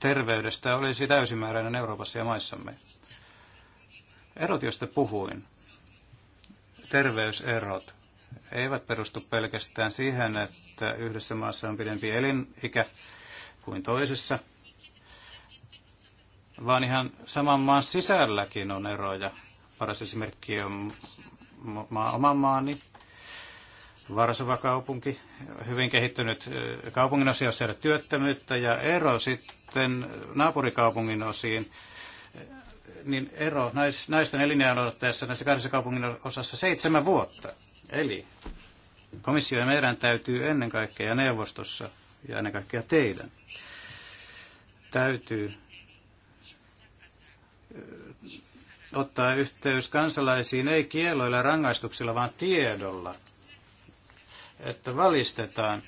terveydestä olisi täysimääräinen Euroopassa ja maissamme. Erot, joista puhuin, terveyserot, eivät perustu pelkästään siihen, että yhdessä maassa on pidempi elinikä kuin toisessa, vaan ihan saman maan sisälläkin on eroja. Paras esimerkki on oma maani, Varsova kaupunki, hyvin kehittynyt eh, kaupungin osia, jossa työttömyyttä ja ero sitten naapurikaupungin osiin, eh, niin ero nais, naisten odotteessa näissä kahdessa kaupungin osassa seitsemän vuotta. Eli komissio ja meidän täytyy ennen kaikkea neuvostossa ja ennen kaikkea teidän täytyy eh, ottaa yhteys kansalaisiin ei kieloilla ja rangaistuksilla, vaan tiedolla – että valistetaan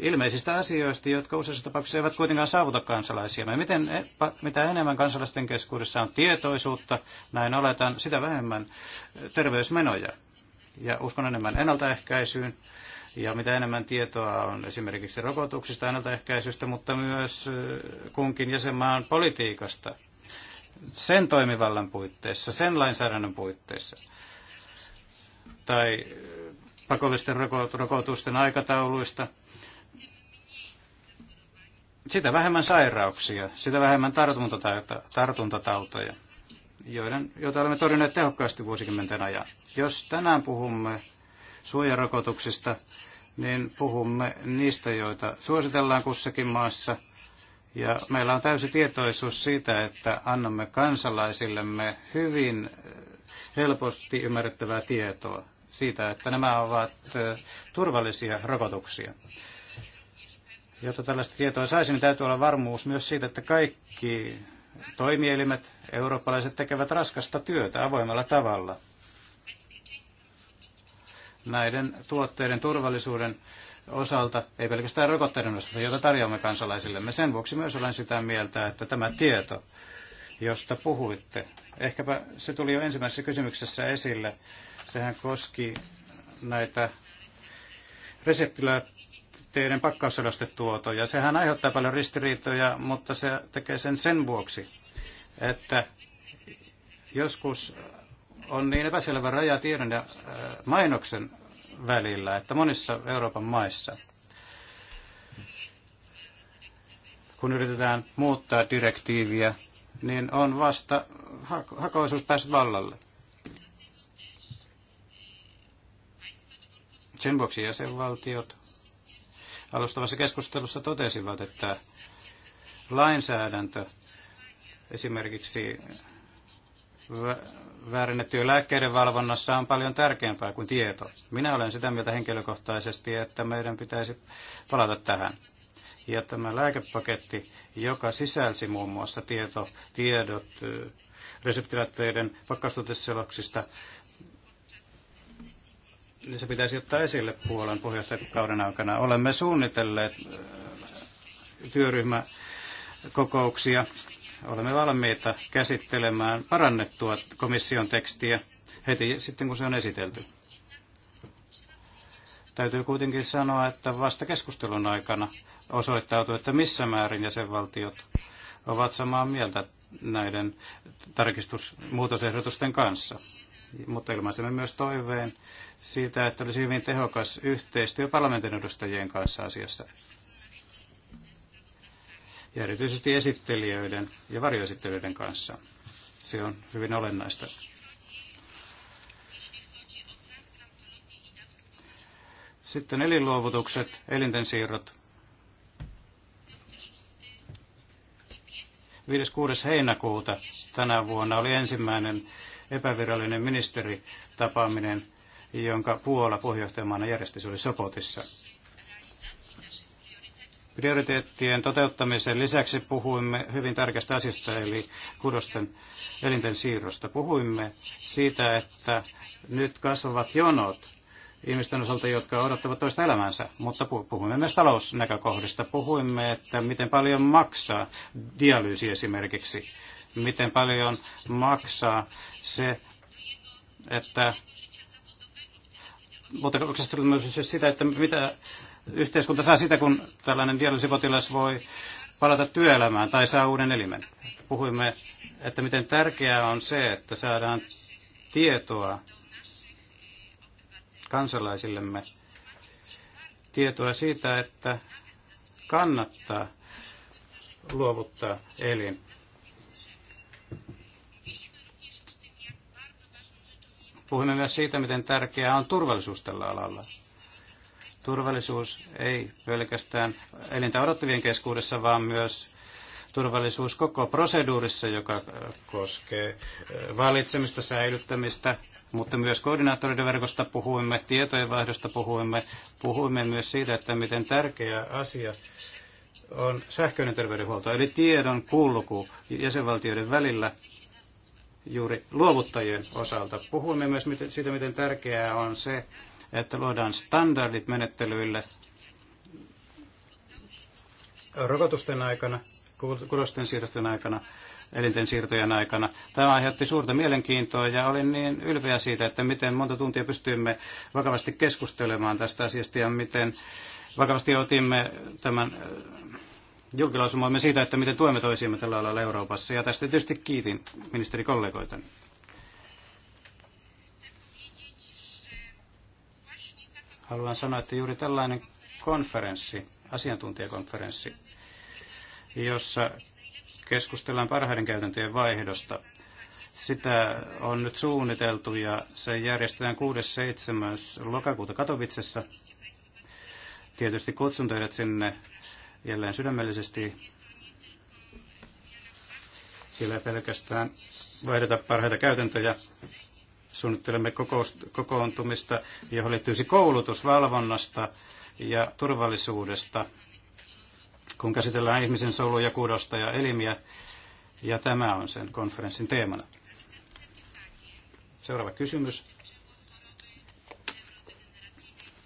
ilmeisistä asioista, jotka useissa tapauksissa eivät kuitenkaan saavuta kansalaisia. Miten, e, mitä enemmän kansalaisten keskuudessa on tietoisuutta, näin oletan, sitä vähemmän terveysmenoja. Ja uskon enemmän ennaltaehkäisyyn. Ja mitä enemmän tietoa on esimerkiksi rokotuksista, ennaltaehkäisystä, mutta myös e, kunkin jäsenmaan politiikasta, sen toimivallan puitteissa, sen lainsäädännön puitteissa, tai pakollisten rokotusten aikatauluista. Sitä vähemmän sairauksia, sitä vähemmän tartuntatautoja, joiden, joita olemme torjuneet tehokkaasti vuosikymmenten ajan. Jos tänään puhumme suojarokotuksista, niin puhumme niistä, joita suositellaan kussakin maassa. Ja meillä on täysi tietoisuus siitä, että annamme kansalaisillemme hyvin eh, helposti ymmärrettävää tietoa siitä, että nämä ovat turvallisia rokotuksia. Jotta tällaista tietoa saisi, niin täytyy olla varmuus myös siitä, että kaikki toimielimet, eurooppalaiset tekevät raskasta työtä avoimella tavalla näiden tuotteiden turvallisuuden osalta, ei pelkästään rokotteiden osalta, jota tarjoamme kansalaisille me Sen vuoksi myös olen sitä mieltä, että tämä tieto, josta puhuitte, ehkäpä se tuli jo ensimmäisessä kysymyksessä esille, Sehän koski näitä reseptiläätteiden pakkausselostetuotoja. Sehän aiheuttaa paljon ristiriitoja, mutta se tekee sen sen vuoksi, että joskus on niin epäselvä raja tiedon ja äh, mainoksen välillä, että monissa Euroopan maissa, kun yritetään muuttaa direktiiviä, niin on vasta hakoisuus päässyt vallalle. Sen vuoksi jäsenvaltiot alustavassa keskustelussa totesivat, että lainsäädäntö esimerkiksi väärennettyjä lääkkeiden valvonnassa on paljon tärkeämpää kuin tieto. Minä olen sitä mieltä henkilökohtaisesti, että meidän pitäisi palata tähän. Ja tämä lääkepaketti, joka sisälsi muun muassa tieto, tiedot reseptilätteiden pakkaustuoteseloksista, niin se pitäisi ottaa esille Puolan puheenjohtajakauden aikana. Olemme suunnitelleet äh, työryhmäkokouksia. Olemme valmiita käsittelemään parannettua komission tekstiä heti sitten, kun se on esitelty. Täytyy kuitenkin sanoa, että vasta keskustelun aikana osoittautuu, että missä määrin jäsenvaltiot ovat samaa mieltä näiden tarkistusmuutosehdotusten kanssa mutta ilmaisemme myös toiveen siitä, että olisi hyvin tehokas yhteistyö parlamentin edustajien kanssa asiassa. Ja erityisesti esittelijöiden ja varjoesittelijöiden kanssa. Se on hyvin olennaista. Sitten elinluovutukset, elinten siirrot. 5.6. heinäkuuta tänä vuonna oli ensimmäinen epävirallinen ministeritapaaminen, jonka Puola puheenjohtajamaana järjesti, se oli Sopotissa. Prioriteettien toteuttamisen lisäksi puhuimme hyvin tärkeästä asiasta, eli kudosten elinten siirrosta. Puhuimme siitä, että nyt kasvavat jonot ihmisten osalta, jotka odottavat toista elämäänsä, mutta puhumme myös talousnäkökohdista. Puhuimme, että miten paljon maksaa dialyysi esimerkiksi, miten paljon maksaa se, että mutta keskustelemme myös siis sitä, että mitä yhteiskunta saa sitä, kun tällainen dialyysipotilas voi palata työelämään tai saa uuden elimen. Puhuimme, että miten tärkeää on se, että saadaan tietoa kansalaisillemme tietoa siitä, että kannattaa luovuttaa elin. Puhumme myös siitä, miten tärkeää on turvallisuus tällä alalla. Turvallisuus ei pelkästään elintä odottavien keskuudessa, vaan myös turvallisuus koko proseduurissa, joka koskee valitsemista, säilyttämistä, mutta myös koordinaattoreiden verkosta puhuimme, tietojenvaihdosta puhuimme, puhuimme myös siitä, että miten tärkeä asia on sähköinen terveydenhuolto, eli tiedon kulku jäsenvaltioiden välillä juuri luovuttajien osalta. Puhuimme myös siitä, miten tärkeää on se, että luodaan standardit menettelyille rokotusten aikana, kudosten siirrosten aikana elinten siirtojen aikana. Tämä aiheutti suurta mielenkiintoa ja olin niin ylpeä siitä, että miten monta tuntia pystyimme vakavasti keskustelemaan tästä asiasta ja miten vakavasti otimme tämän äh, julkilausumamme siitä, että miten tuemme toisiamme tällä alalla Euroopassa. Ja tästä tietysti kiitin ministerikollegoita. Haluan sanoa, että juuri tällainen konferenssi, asiantuntijakonferenssi, jossa keskustellaan parhaiden käytäntöjen vaihdosta. Sitä on nyt suunniteltu ja se järjestetään 6.7. lokakuuta Katovitsessa. Tietysti kutsun teidät sinne jälleen sydämellisesti. Siellä ei pelkästään vaihdeta parhaita käytäntöjä. Suunnittelemme kokoontumista, johon liittyisi koulutus valvonnasta ja turvallisuudesta kun käsitellään ihmisen soluja, kudosta ja elimiä, ja tämä on sen konferenssin teemana. Seuraava kysymys.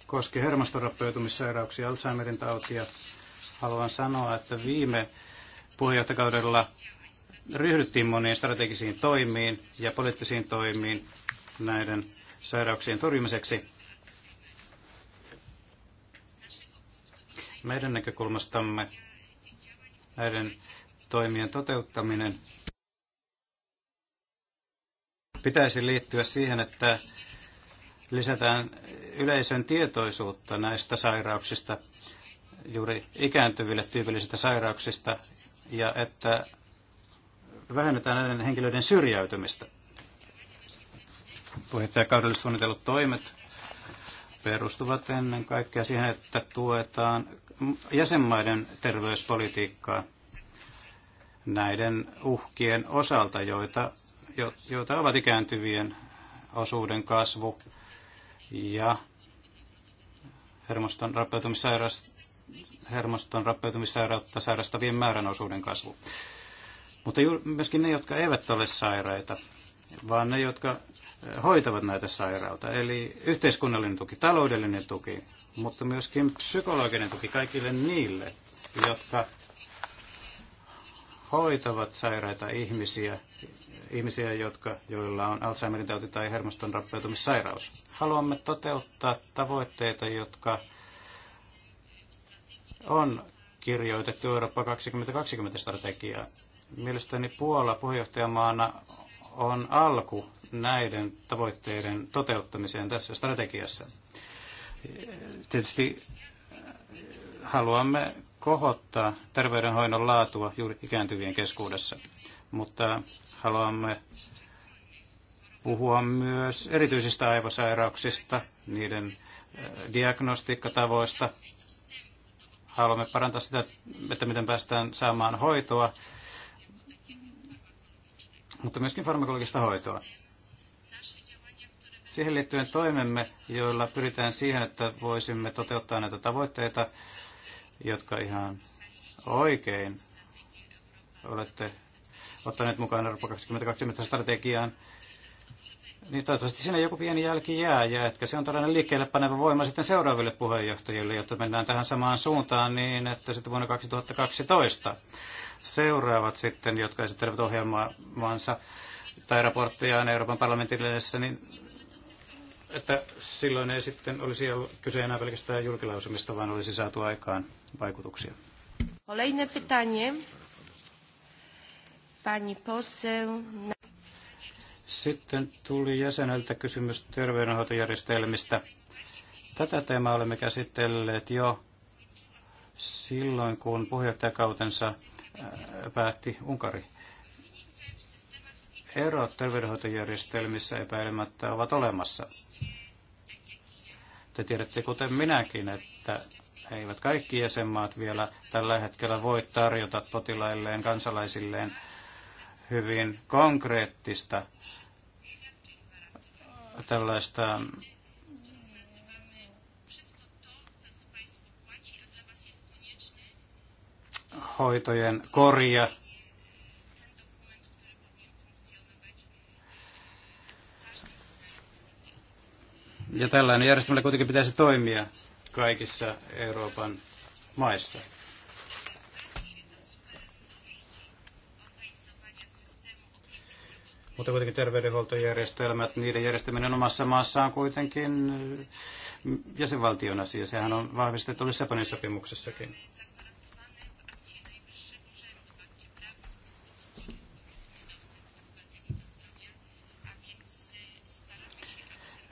Koski hermostorappeutumissairauksia, Alzheimerin tautia. Haluan sanoa, että viime puheenjohtajakaudella ryhdyttiin moniin strategisiin toimiin ja poliittisiin toimiin näiden sairauksien torjumiseksi. Meidän näkökulmastamme näiden toimien toteuttaminen pitäisi liittyä siihen, että lisätään yleisön tietoisuutta näistä sairauksista, juuri ikääntyville tyypillisistä sairauksista, ja että vähennetään näiden henkilöiden syrjäytymistä. Puheenjohtajakaudelle suunnitellut toimet perustuvat ennen kaikkea siihen, että tuetaan jäsenmaiden terveyspolitiikkaa näiden uhkien osalta, joita, jo, joita ovat ikääntyvien osuuden kasvu ja hermoston rappeutumissairaus, hermoston rappeutumissairautta sairastavien määrän osuuden kasvu. Mutta myöskin ne, jotka eivät ole sairaita, vaan ne, jotka hoitavat näitä sairauta. Eli yhteiskunnallinen tuki, taloudellinen tuki, mutta myöskin psykologinen tuki kaikille niille, jotka hoitavat sairaita ihmisiä, ihmisiä, jotka, joilla on Alzheimerin tauti tai hermoston rappeutumissairaus. Haluamme toteuttaa tavoitteita, jotka on kirjoitettu Eurooppa 2020 strategiaan. Mielestäni Puola puheenjohtajamaana on alku näiden tavoitteiden toteuttamiseen tässä strategiassa. Tietysti haluamme kohottaa terveydenhoidon laatua juuri ikääntyvien keskuudessa, mutta haluamme puhua myös erityisistä aivosairauksista, niiden äh, diagnostiikkatavoista. Haluamme parantaa sitä, että miten päästään saamaan hoitoa, mutta myöskin farmakologista hoitoa. Siihen liittyen toimemme, joilla pyritään siihen, että voisimme toteuttaa näitä tavoitteita, jotka ihan oikein olette ottaneet mukaan Eurooppa 2020 strategiaan, niin toivottavasti siinä joku pieni jälki jää, ja että se on tällainen liikkeelle paneva voima sitten seuraaville puheenjohtajille, jotta mennään tähän samaan suuntaan niin, että sitten vuonna 2012 seuraavat sitten, jotka esittelevät ohjelmaansa tai raporttejaan Euroopan parlamentille, niin että silloin ei sitten olisi ollut kyse enää pelkästään julkilausumista, vaan olisi saatu aikaan vaikutuksia. Kolejne pytanie. Pani poseł. Sitten tuli jäseneltä kysymys terveydenhoitojärjestelmistä. Tätä teemaa olemme käsitelleet jo silloin, kun puheenjohtajakautensa äh, päätti Unkari. Erot terveydenhoitojärjestelmissä epäilemättä ovat olemassa. Te tiedätte kuten minäkin, että eivät kaikki jäsenmaat vielä tällä hetkellä voi tarjota potilailleen, kansalaisilleen hyvin konkreettista tällaista hoitojen korjaa. Ja tällainen järjestelmä kuitenkin pitäisi toimia kaikissa Euroopan maissa. Mutta kuitenkin terveydenhuoltojärjestelmät, niiden järjestäminen omassa maassaan kuitenkin jäsenvaltion asia. Sehän on vahvistettu Lissabonin sopimuksessakin.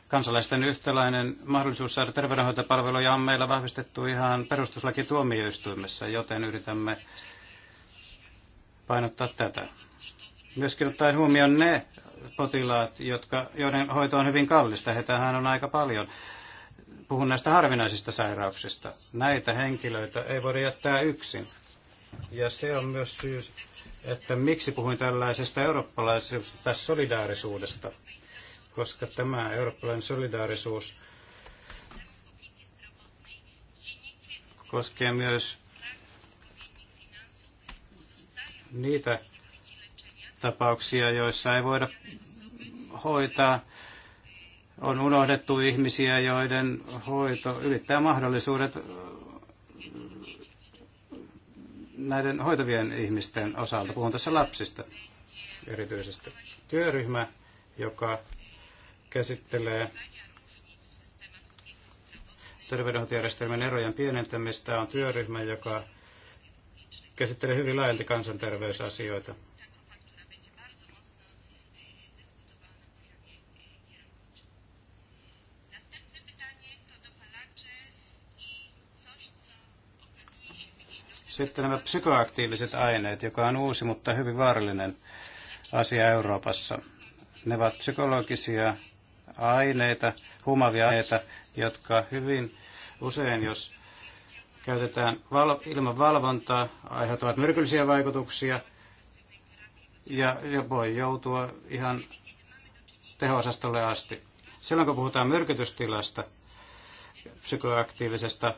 kansalaisten yhtäläinen mahdollisuus saada terveydenhoitopalveluja on meillä vahvistettu ihan perustuslakituomioistuimessa, joten yritämme painottaa tätä. Myöskin ottaen huomioon ne potilaat, jotka, joiden hoito on hyvin kallista, heitähän on aika paljon. Puhun näistä harvinaisista sairauksista. Näitä henkilöitä ei voida jättää yksin. Ja se on myös syy, että miksi puhuin tällaisesta eurooppalaisesta solidaarisuudesta koska tämä eurooppalainen solidaarisuus koskee myös niitä tapauksia, joissa ei voida hoitaa. On unohdettu ihmisiä, joiden hoito ylittää mahdollisuudet näiden hoitavien ihmisten osalta. Puhun tässä lapsista erityisesti. Työryhmä, joka käsittelee terveydenhoitojärjestelmän erojen pienentämistä. On työryhmä, joka käsittelee hyvin laajalti kansanterveysasioita. Sitten nämä psykoaktiiviset aineet, joka on uusi, mutta hyvin vaarallinen asia Euroopassa. Ne ovat psykologisia aineita, huumavia aineita, jotka hyvin usein, jos käytetään val- ilman valvontaa, aiheuttavat myrkyllisiä vaikutuksia ja, voi joutua ihan teho-osastolle asti. Silloin kun puhutaan myrkytystilasta, psykoaktiivisesta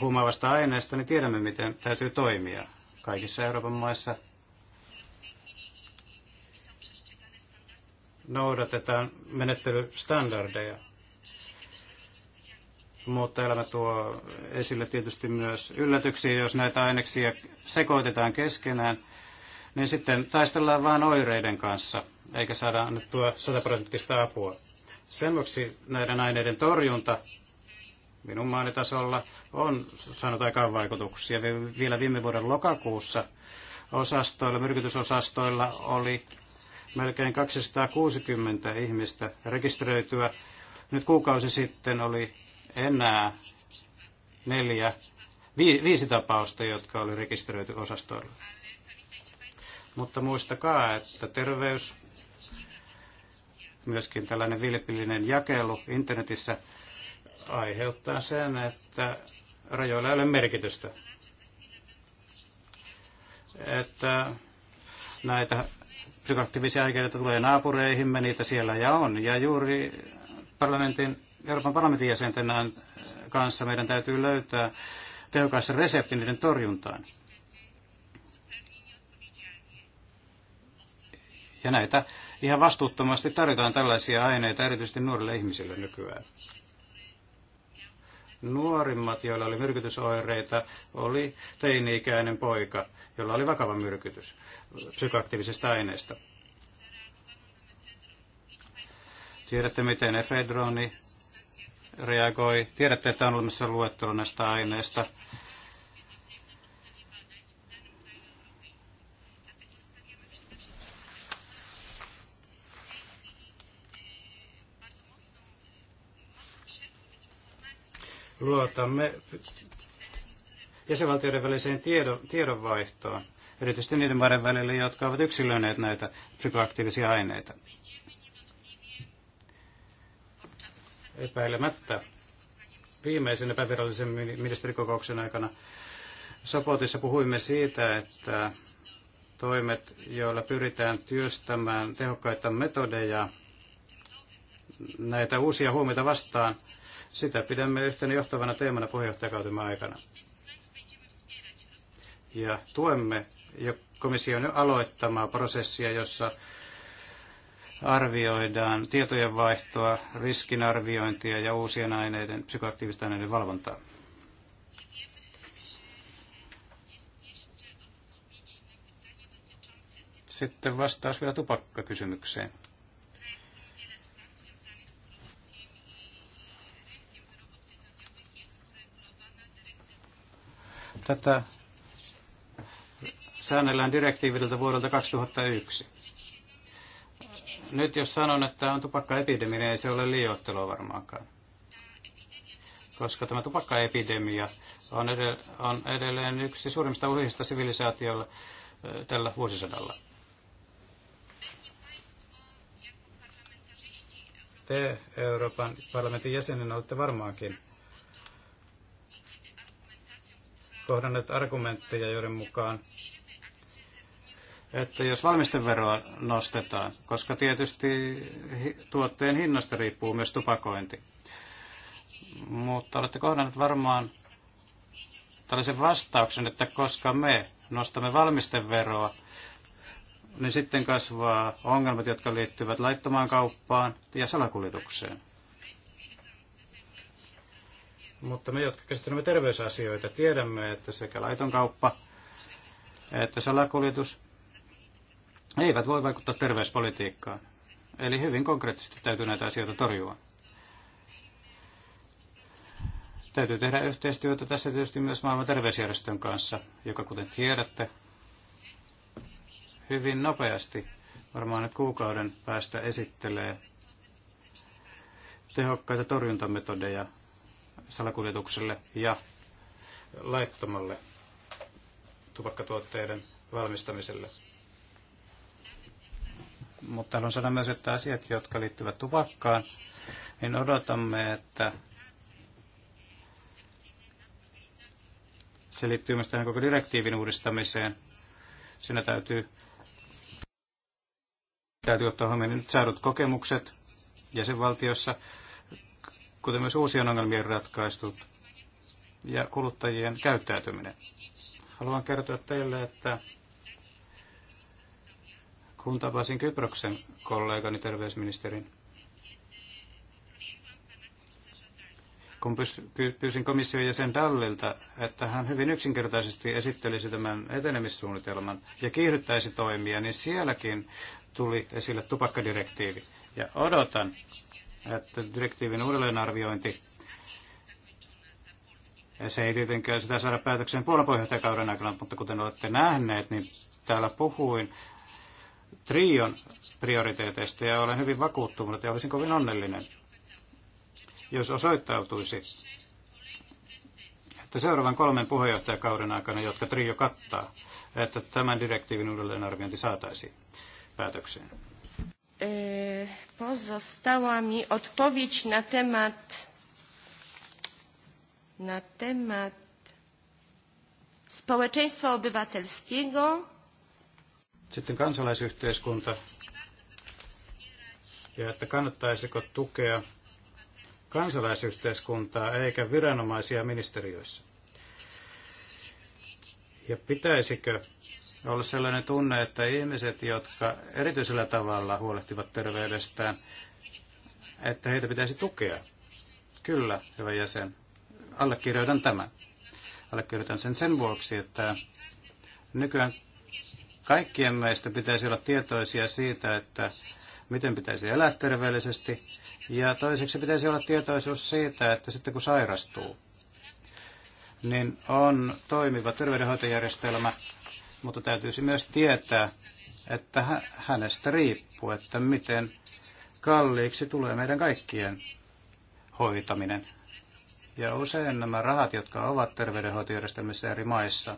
huumaavasta aineesta, niin tiedämme, miten täytyy toimia. Kaikissa Euroopan maissa noudatetaan menettelystandardeja. Mutta elämä tuo esille tietysti myös yllätyksiä, jos näitä aineksia sekoitetaan keskenään, niin sitten taistellaan vain oireiden kanssa, eikä saada annettua sataprosenttista apua. Sen vuoksi näiden aineiden torjunta minun maanitasolla on saanut aikaan vaikutuksia. Vielä viime vuoden lokakuussa osastoilla, myrkytysosastoilla oli melkein 260 ihmistä rekisteröityä. Nyt kuukausi sitten oli enää neljä, viisi tapausta, jotka oli rekisteröity osastoilla. Mutta muistakaa, että terveys, myöskin tällainen vilpillinen jakelu internetissä aiheuttaa sen, että rajoilla ei ole merkitystä. Että näitä psykoaktiivisia aikeita tulee naapureihimme, niitä siellä ja on. Ja juuri parlamentin, Euroopan parlamentin jäsenten kanssa meidän täytyy löytää tehokas resepti niiden torjuntaan. Ja näitä ihan vastuuttomasti tarjotaan tällaisia aineita erityisesti nuorille ihmisille nykyään. Nuorimmat, joilla oli myrkytysoireita, oli teini-ikäinen poika, jolla oli vakava myrkytys psykoaktiivisesta aineesta. Tiedätte, miten efedroni reagoi. Tiedätte, että on olemassa luettelo näistä aineista, luotamme jäsenvaltioiden väliseen tiedon, tiedonvaihtoon, erityisesti niiden maiden välillä, jotka ovat yksilöineet näitä psykoaktiivisia aineita. Epäilemättä viimeisen epävirallisen ministerikokouksen aikana Sopotissa puhuimme siitä, että toimet, joilla pyritään työstämään tehokkaita metodeja näitä uusia huomioita vastaan – sitä pidämme yhtenä johtavana teemana puheenjohtajakautemme aikana. Ja tuemme jo komission aloittamaa prosessia, jossa arvioidaan tietojenvaihtoa, riskinarviointia ja uusien aineiden, psykoaktiivisten aineiden valvontaa. Sitten vastaus vielä tupakkakysymykseen. Tätä säännellään direktiiviltä vuodelta 2001. Nyt jos sanon, että on tupakkaepidemia, niin ei se ole liioittelua varmaankaan. Koska tämä tupakkaepidemia on, edell- on edelleen yksi suurimmista uhista sivilisaatiolla tällä vuosisadalla. Te Euroopan parlamentin jäsenen olette varmaankin kohdanneet argumentteja, joiden mukaan että jos valmisteveroa nostetaan, koska tietysti tuotteen hinnasta riippuu myös tupakointi. Mutta olette kohdanneet varmaan tällaisen vastauksen, että koska me nostamme valmisteveroa, niin sitten kasvaa ongelmat, jotka liittyvät laittomaan kauppaan ja salakuljetukseen. Mutta me, jotka käsittelemme terveysasioita, tiedämme, että sekä laiton kauppa että salakuljetus eivät voi vaikuttaa terveyspolitiikkaan. Eli hyvin konkreettisesti täytyy näitä asioita torjua. Täytyy tehdä yhteistyötä tässä tietysti myös maailman terveysjärjestön kanssa, joka kuten tiedätte, hyvin nopeasti, varmaan nyt kuukauden päästä esittelee tehokkaita torjuntametodeja salakuljetukselle ja laittomalle tupakkatuotteiden valmistamiselle. Mutta haluan sanoa myös, että asiat, jotka liittyvät tupakkaan, niin odotamme, että se liittyy myös tähän koko direktiivin uudistamiseen. Siinä täytyy, täytyy ottaa huomioon nyt saadut kokemukset jäsenvaltiossa kuten myös uusien ongelmien ratkaistut ja kuluttajien käyttäytyminen. Haluan kertoa teille, että kun tapasin Kyproksen kollegani terveysministerin, kun pyysin komission jäsen Dallilta, että hän hyvin yksinkertaisesti esittelisi tämän etenemissuunnitelman ja kiihdyttäisi toimia, niin sielläkin tuli esille tupakkadirektiivi. Ja odotan että direktiivin uudelleenarviointi, se ei tietenkään sitä saada päätökseen puolen puheenjohtajakauden aikana, mutta kuten olette nähneet, niin täällä puhuin trion prioriteeteista ja olen hyvin vakuuttunut ja olisin kovin onnellinen, jos osoittautuisi, että seuraavan kolmen puheenjohtajakauden aikana, jotka trio kattaa, että tämän direktiivin uudelleenarviointi saataisiin päätökseen. E, pozostała mi odpowiedź na temat na temat społeczeństwa obywatelskiego. Sitten kansalaisyhteiskunta ja että kannattaisiko tukea kansalaisyhteiskuntaa eikä viranomaisia ministeriöissä. Ja pitäisikö on ollut sellainen tunne, että ihmiset, jotka erityisellä tavalla huolehtivat terveydestään, että heitä pitäisi tukea. Kyllä, hyvä jäsen. Allekirjoitan tämän. Allekirjoitan sen sen vuoksi, että nykyään kaikkien meistä pitäisi olla tietoisia siitä, että miten pitäisi elää terveellisesti. Ja toiseksi pitäisi olla tietoisuus siitä, että sitten kun sairastuu, niin on toimiva terveydenhoitojärjestelmä, mutta täytyisi myös tietää, että hänestä riippuu, että miten kalliiksi tulee meidän kaikkien hoitaminen. Ja usein nämä rahat, jotka ovat terveydenhoitojärjestelmissä eri maissa,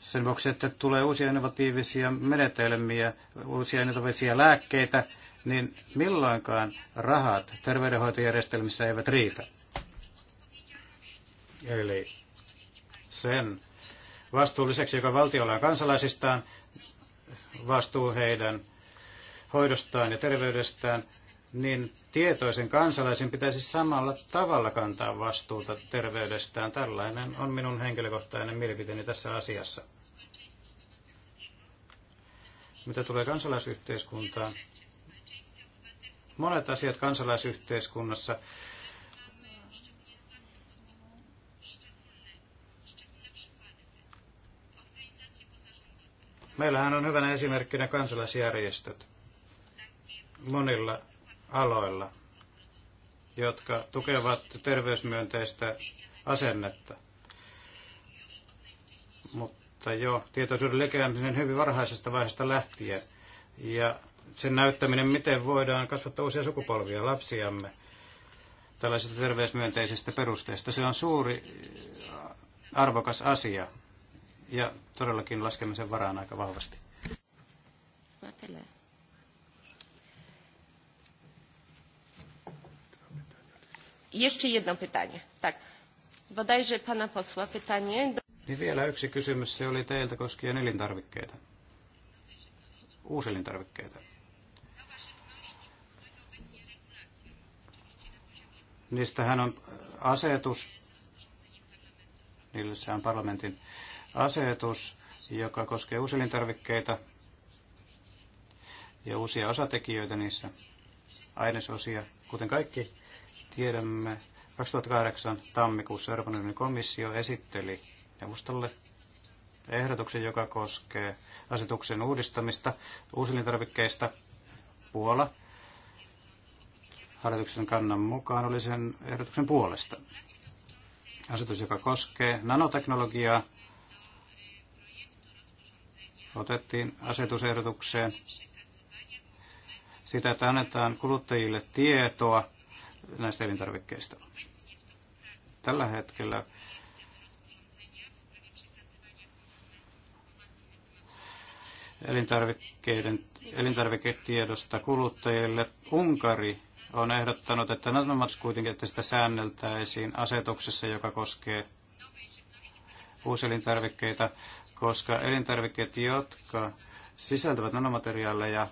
sen vuoksi, että tulee uusia innovatiivisia menetelmiä, uusia innovatiivisia lääkkeitä, niin milloinkaan rahat terveydenhoitojärjestelmissä eivät riitä. Eli sen vastuun lisäksi, joka valtiolla ja kansalaisistaan, vastuu heidän hoidostaan ja terveydestään, niin tietoisen kansalaisen pitäisi samalla tavalla kantaa vastuuta terveydestään. Tällainen on minun henkilökohtainen mielipiteeni tässä asiassa. Mitä tulee kansalaisyhteiskuntaan, monet asiat kansalaisyhteiskunnassa Meillähän on hyvänä esimerkkinä kansalaisjärjestöt monilla aloilla, jotka tukevat terveysmyönteistä asennetta. Mutta jo tietoisuuden lekeämisen hyvin varhaisesta vaiheesta lähtien ja sen näyttäminen, miten voidaan kasvattaa uusia sukupolvia, lapsiamme, tällaisista terveysmyönteisistä perusteista. Se on suuri äh, arvokas asia ja todellakin laskemme sen varaan aika vahvasti. Jeszcze jedno pytanie. Tak. Bodajże pana posła pytanie. Niin vielä yksi kysymys, se oli teiltä koskien elintarvikkeita. Uuselintarvikkeita. Niistähän on asetus, niillä on parlamentin asetus, joka koskee uusilintarvikkeita ja uusia osatekijöitä niissä, ainesosia. Kuten kaikki tiedämme, 2008 tammikuussa Euroopan unionin komissio esitteli neuvostolle ehdotuksen, joka koskee asetuksen uudistamista uusilintarvikkeista Puola. Hallituksen kannan mukaan oli sen ehdotuksen puolesta. Asetus, joka koskee nanoteknologiaa otettiin asetusehdotukseen sitä, että annetaan kuluttajille tietoa näistä elintarvikkeista. Tällä hetkellä elintarvikkeiden, elintarviketiedosta kuluttajille Unkari on ehdottanut, että Natomats kuitenkin, että sitä säänneltäisiin asetuksessa, joka koskee uuselintarvikkeita koska elintarvikkeet, jotka sisältävät nanomateriaaleja,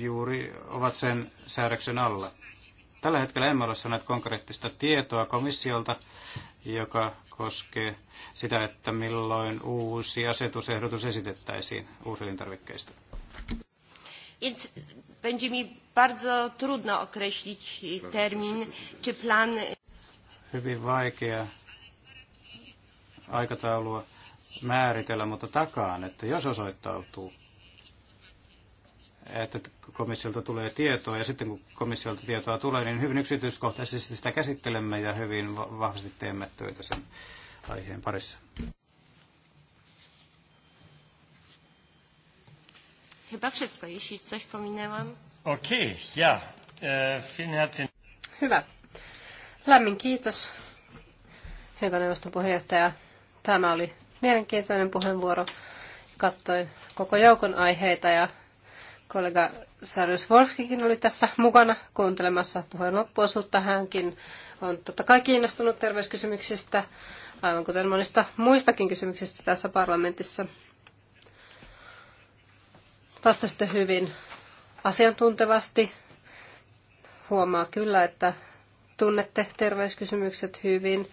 juuri ovat sen säädöksen alla. Tällä hetkellä emme ole saaneet konkreettista tietoa komissiolta, joka koskee sitä, että milloin uusi asetusehdotus esitettäisiin uuselintarvikkeista. Więc będzie mi bardzo trudno określić e, termin czy plan. Hyvin vaikea aikataulua määritellä, mutta takaan, että jos osoittautuu, että komissiolta tulee tietoa, ja sitten kun komissiolta tietoa tulee, niin hyvin yksityiskohtaisesti sitä käsittelemme ja hyvin vahvasti teemme töitä sen aiheen parissa. Okei, ja. Äh, Hyvä. Lämmin kiitos, hyvä neuvoston puheenjohtaja. Tämä oli mielenkiintoinen puheenvuoro. Kattoi koko joukon aiheita ja kollega Sarius Volskikin oli tässä mukana kuuntelemassa puheen loppuosuutta. Hänkin on totta kai kiinnostunut terveyskysymyksistä, aivan kuten monista muistakin kysymyksistä tässä parlamentissa. Vastasitte hyvin asiantuntevasti. Huomaa kyllä, että tunnette terveyskysymykset hyvin.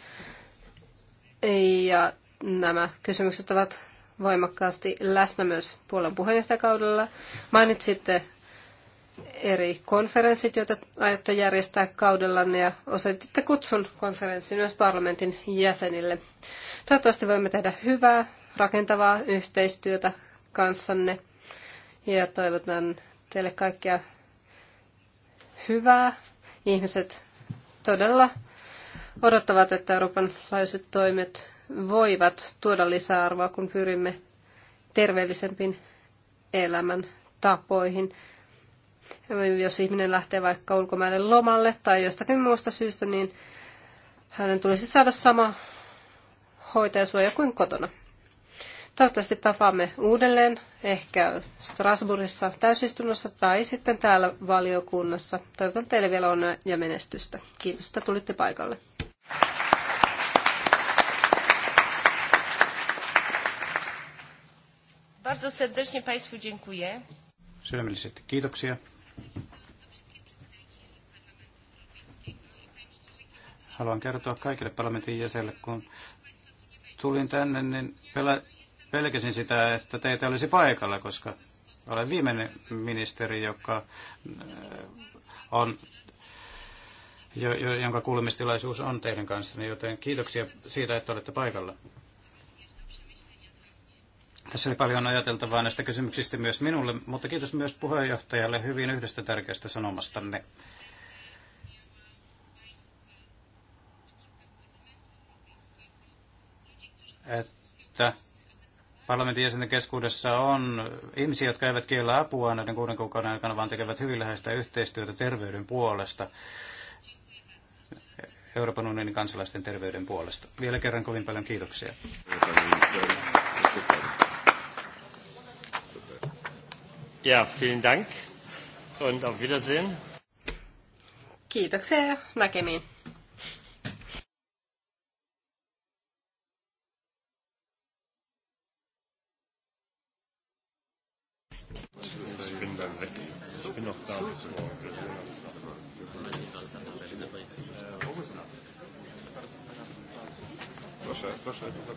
Ja nämä kysymykset ovat voimakkaasti läsnä myös puolen puheenjohtajakaudella. Mainitsitte eri konferenssit, joita aiotte järjestää kaudellanne ja osoititte kutsun konferenssin myös parlamentin jäsenille. Toivottavasti voimme tehdä hyvää, rakentavaa yhteistyötä kanssanne ja toivotan teille kaikkia hyvää. Ihmiset todella odottavat, että Euroopan laajuiset toimet voivat tuoda lisäarvoa, kun pyrimme terveellisempiin elämän tapoihin. Jos ihminen lähtee vaikka ulkomaille lomalle tai jostakin muusta syystä, niin hänen tulisi saada sama hoitajasuoja kuin kotona. Toivottavasti tapaamme uudelleen, ehkä Strasbourgissa täysistunnossa tai sitten täällä valiokunnassa. Toivotan teille vielä onnea ja menestystä. Kiitos, että tulitte paikalle. Bardzo serdecznie Państwu dziękuję. kiitoksia. Haluan kertoa kaikille parlamentin jäsenille, kun tulin tänne, niin pelkäsin sitä, että teitä olisi paikalla, koska olen viimeinen ministeri, joka äh, on, jonka kuulemistilaisuus on teidän kanssanne, joten kiitoksia siitä, että olette paikalla. Tässä oli paljon ajateltavaa näistä kysymyksistä myös minulle, mutta kiitos myös puheenjohtajalle hyvin yhdestä tärkeästä sanomastanne. Että parlamentin jäsenten keskuudessa on ihmisiä, jotka eivät kiellä apua näiden kuuden kuukauden aikana, vaan tekevät hyvin läheistä yhteistyötä terveyden puolesta. Euroopan unionin kansalaisten terveyden puolesta. Vielä kerran kovin paljon kiitoksia. Ja, vielen Dank und auf Wiedersehen. Kiitoksia ja näkemiin. Ich bin dann weg. Ich bin noch da. Proszę, proszę, to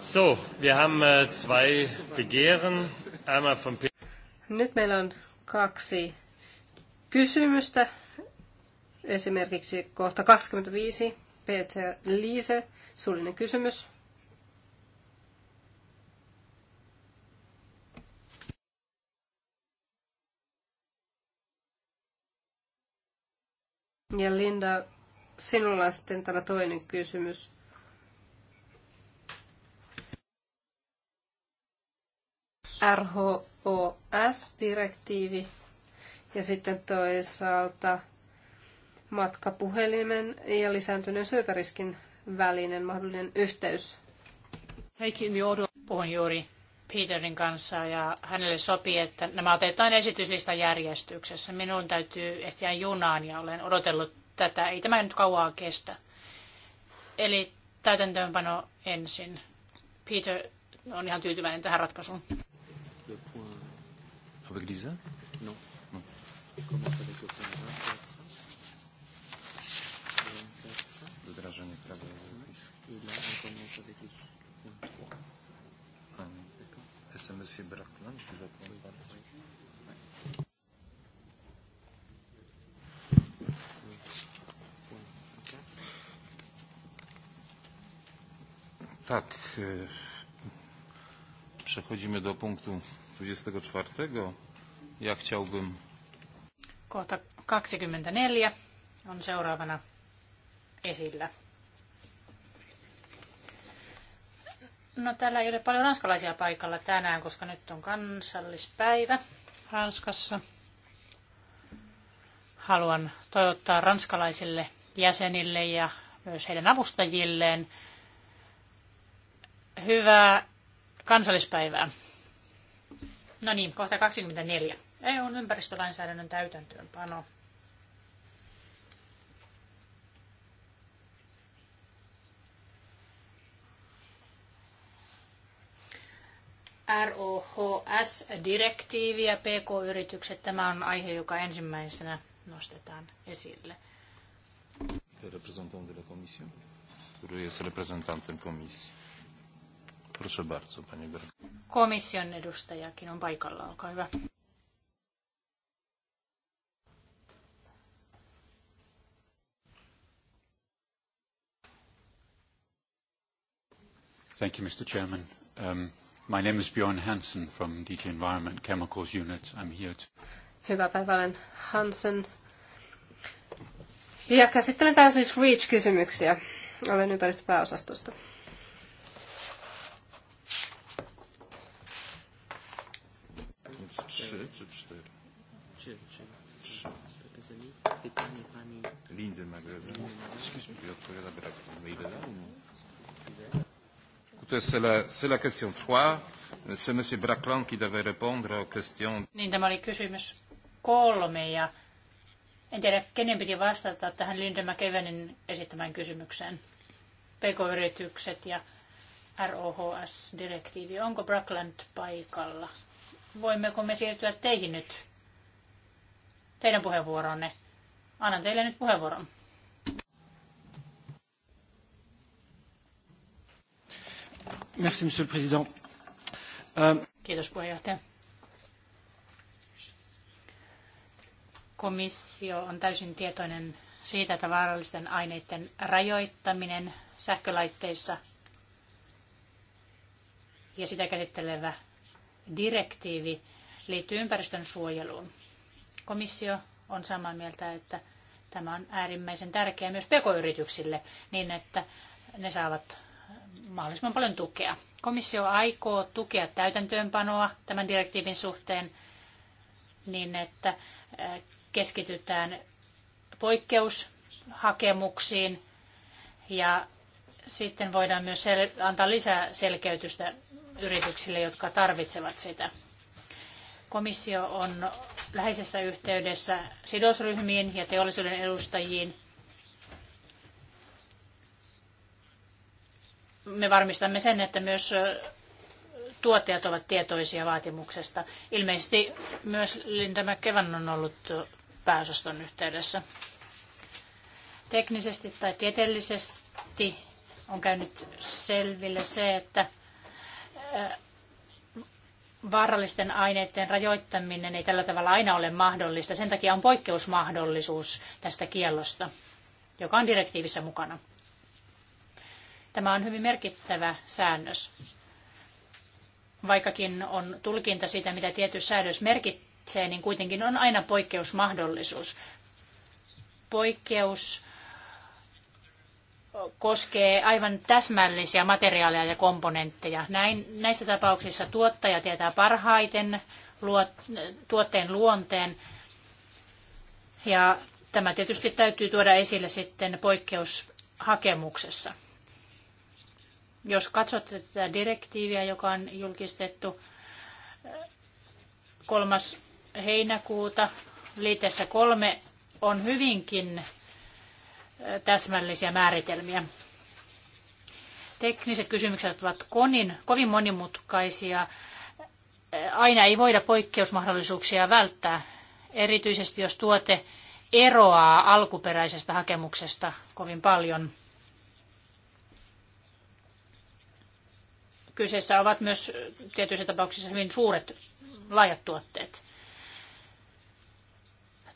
So, wir haben äh, zwei Begehren. Einmal von Nyt meillä on kaksi kysymystä. Esimerkiksi kohta 25, Peter Liise, suullinen kysymys. Ja Linda, sinulla on sitten tämä toinen kysymys. RHOS-direktiivi ja sitten toisaalta matkapuhelimen ja lisääntyneen syöpäriskin välinen mahdollinen yhteys. Puhun juuri Peterin kanssa ja hänelle sopii, että nämä otetaan esityslistan järjestyksessä. Minun täytyy ehtiä junaan ja olen odotellut tätä. Ei tämä nyt kauaa kestä. Eli täytäntöönpano ensin. Peter on ihan tyytyväinen tähän ratkaisuun avec Lisa Non. non. Commence avec le point 24. Wdrażanie prawa europejskiego. I là, on commence avec le point 3. Tak. Przechodzimy do punktu 24. Ja chciałbym... Kohta 24 on seuraavana esillä. No täällä ei ole paljon ranskalaisia paikalla tänään, koska nyt on kansallispäivä Ranskassa. Haluan toivottaa ranskalaisille jäsenille ja myös heidän avustajilleen hyvää kansallispäivää. No niin, kohta 24. EUn ympäristölainsäädännön täytäntöönpano. ROHS-direktiivi ja PK-yritykset. Tämä on aihe, joka ensimmäisenä nostetaan esille. Representant de la Commission. Który jest reprezentantem komisji. Proszę bardzo, panie Komission edustajakin on paikalla, olkaa hyvä. Thank you, Mr. Chairman. Um, my name is Bjorn Hansen from DG Environment Chemicals Unit. I'm here to... Hyvää päivää, olen Hansen. Ja käsittelen täällä siis REACH-kysymyksiä. Olen ympäristöpääosastosta. Écoutez, c'est la, c'est la question 3. C'est M. qui devait répondre aux questions. Niin, tämä oli kysymys kolme ja en tiedä, kenen piti vastata tähän Linda McEvenin esittämään kysymykseen. PK-yritykset ja ROHS-direktiivi. Onko Brackland paikalla? Voimmeko me siirtyä teihin nyt? Teidän puheenvuoronne. Annan teille nyt puheenvuoron. Merci, monsieur le président. Kiitos puheenjohtaja. Komissio on täysin tietoinen siitä, että vaarallisten aineiden rajoittaminen sähkölaitteissa ja sitä käsittelevä direktiivi liittyy ympäristön suojeluun. Komissio on samaa mieltä, että tämä on äärimmäisen tärkeää myös pekoyrityksille, yrityksille niin, että ne saavat mahdollisimman paljon tukea. Komissio aikoo tukea täytäntöönpanoa tämän direktiivin suhteen niin, että keskitytään poikkeushakemuksiin ja sitten voidaan myös antaa lisää selkeytystä yrityksille, jotka tarvitsevat sitä. Komissio on läheisessä yhteydessä sidosryhmiin ja teollisuuden edustajiin. Me varmistamme sen, että myös tuottajat ovat tietoisia vaatimuksesta. Ilmeisesti myös Linda McKevan on ollut pääosaston yhteydessä. Teknisesti tai tieteellisesti on käynyt selville se, että vaarallisten aineiden rajoittaminen ei tällä tavalla aina ole mahdollista. Sen takia on poikkeusmahdollisuus tästä kiellosta, joka on direktiivissä mukana. Tämä on hyvin merkittävä säännös. Vaikkakin on tulkinta siitä, mitä tietty säädös merkitsee, niin kuitenkin on aina poikkeusmahdollisuus. Poikkeus koskee aivan täsmällisiä materiaaleja ja komponentteja. Näin, näissä tapauksissa tuottaja tietää parhaiten luot, tuotteen luonteen. Ja tämä tietysti täytyy tuoda esille sitten poikkeushakemuksessa. Jos katsotte tätä direktiiviä, joka on julkistettu kolmas heinäkuuta, liitteessä kolme on hyvinkin täsmällisiä määritelmiä. Tekniset kysymykset ovat konin, kovin monimutkaisia. Aina ei voida poikkeusmahdollisuuksia välttää, erityisesti jos tuote eroaa alkuperäisestä hakemuksesta kovin paljon. Kyseessä ovat myös tietyissä tapauksissa hyvin suuret, laajat tuotteet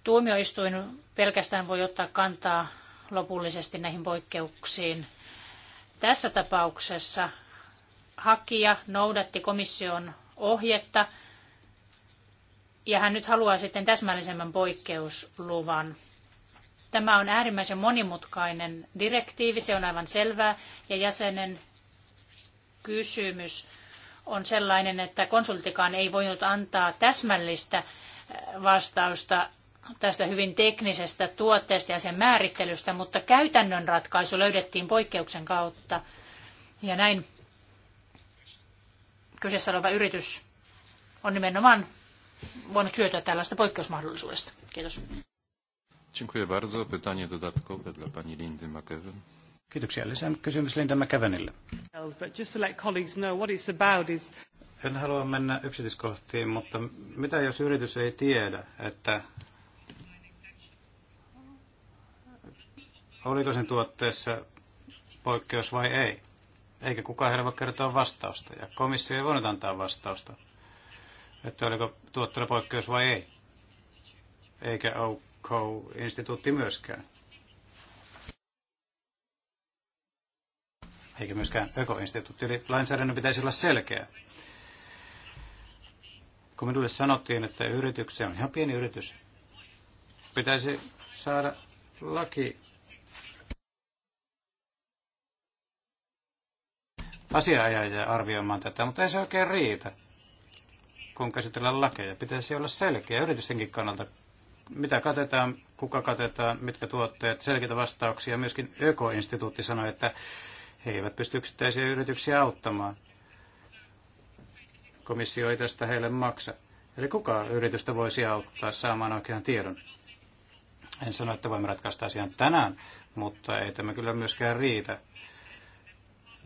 tuomioistuin pelkästään voi ottaa kantaa lopullisesti näihin poikkeuksiin. Tässä tapauksessa hakija noudatti komission ohjetta ja hän nyt haluaa sitten täsmällisemmän poikkeusluvan. Tämä on äärimmäisen monimutkainen direktiivi, se on aivan selvää, ja jäsenen kysymys on sellainen, että konsultikaan ei voinut antaa täsmällistä vastausta tästä hyvin teknisestä tuotteesta ja sen määrittelystä, mutta käytännön ratkaisu löydettiin poikkeuksen kautta. Ja näin kyseessä oleva yritys on nimenomaan voinut hyötyä tällaista poikkeusmahdollisuudesta. Kiitos. Dziękuję bardzo. Pytanie dodatkowe dla pani Lindy McEwen. Kiitoksia. Lisää kysymys Linda McEvenille. En halua mennä yksityiskohtiin, mutta mitä jos yritys ei tiedä, että oliko sen tuotteessa poikkeus vai ei. Eikä kukaan heille voi kertoa vastausta. Ja komissio ei voinut antaa vastausta, että oliko tuotteella poikkeus vai ei. Eikä OK-instituutti myöskään. Eikä myöskään ökoinstituutti. Eli lainsäädännön pitäisi olla selkeä. Kun minulle sanottiin, että yrityksiä on ihan pieni yritys, pitäisi saada laki asianajajia arvioimaan tätä, mutta ei se oikein riitä, kun käsitellään lakeja. Pitäisi olla selkeä yritystenkin kannalta, mitä katetaan, kuka katetaan, mitkä tuotteet, selkeitä vastauksia. Myöskin Öko-instituutti sanoi, että he eivät pysty yksittäisiä yrityksiä auttamaan. Komissio ei tästä heille maksa. Eli kuka yritystä voisi auttaa saamaan oikean tiedon? En sano, että voimme ratkaista asian tänään, mutta ei tämä kyllä myöskään riitä.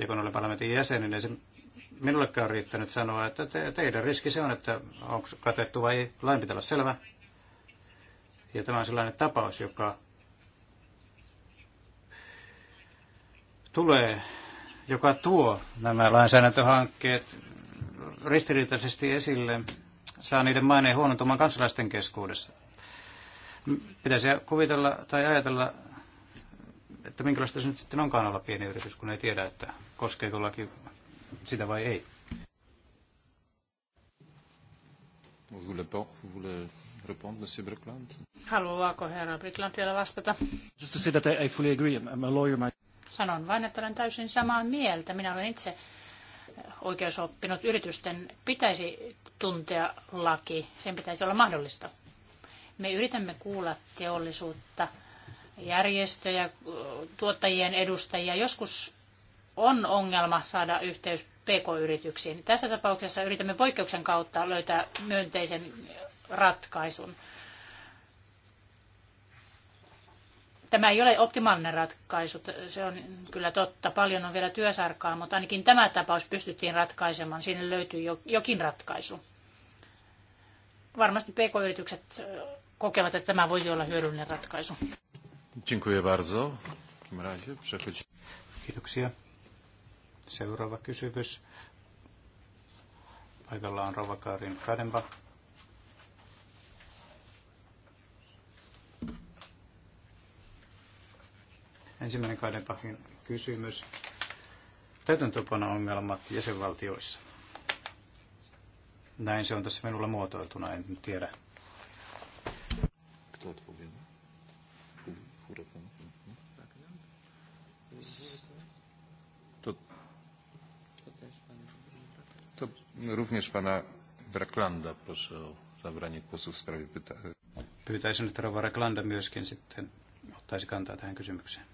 Ja parlamentin jäsen, niin se minullekaan riittänyt sanoa, että te, teidän riski se on, että onko katettu vai ei. Lain pitää olla selvä. Ja tämä on sellainen tapaus, joka tulee, joka tuo nämä lainsäädäntöhankkeet ristiriitaisesti esille, saa niiden maineen huonontumaan kansalaisten keskuudessa. Pitäisi kuvitella tai ajatella että minkälaista se nyt sitten onkaan olla pieni yritys, kun ei tiedä, että koskeeko laki sitä vai ei. Haluaako herra Brickland vielä vastata? Just to say that I fully agree. I'm a lawyer. My... Sanon vain, että olen täysin samaa mieltä. Minä olen itse oikeusoppinut yritysten pitäisi tuntea laki. Sen pitäisi olla mahdollista. Me yritämme kuulla teollisuutta – järjestöjä, tuottajien edustajia. Joskus on ongelma saada yhteys PK-yrityksiin. Tässä tapauksessa yritämme poikkeuksen kautta löytää myönteisen ratkaisun. Tämä ei ole optimaalinen ratkaisu, se on kyllä totta. Paljon on vielä työsarkaa, mutta ainakin tämä tapaus pystyttiin ratkaisemaan. Siinä löytyy jokin ratkaisu. Varmasti PK-yritykset kokevat, että tämä voisi olla hyödyllinen ratkaisu. Dziękuję bardzo. Kiitoksia. Seuraava kysymys. Paikalla on Rova Karin Kadenba. Ensimmäinen Kadenbachin kysymys. Täytäntöpano ongelmat jäsenvaltioissa. Näin se on tässä minulla muotoiltuna, en tiedä. Кто również pana Braklanda proszę o zabranie głosu w sprawie pytania. Pyytäisin, että Rova Raklanda myöskin sitten ottaisi kantaa tähän kysymykseen.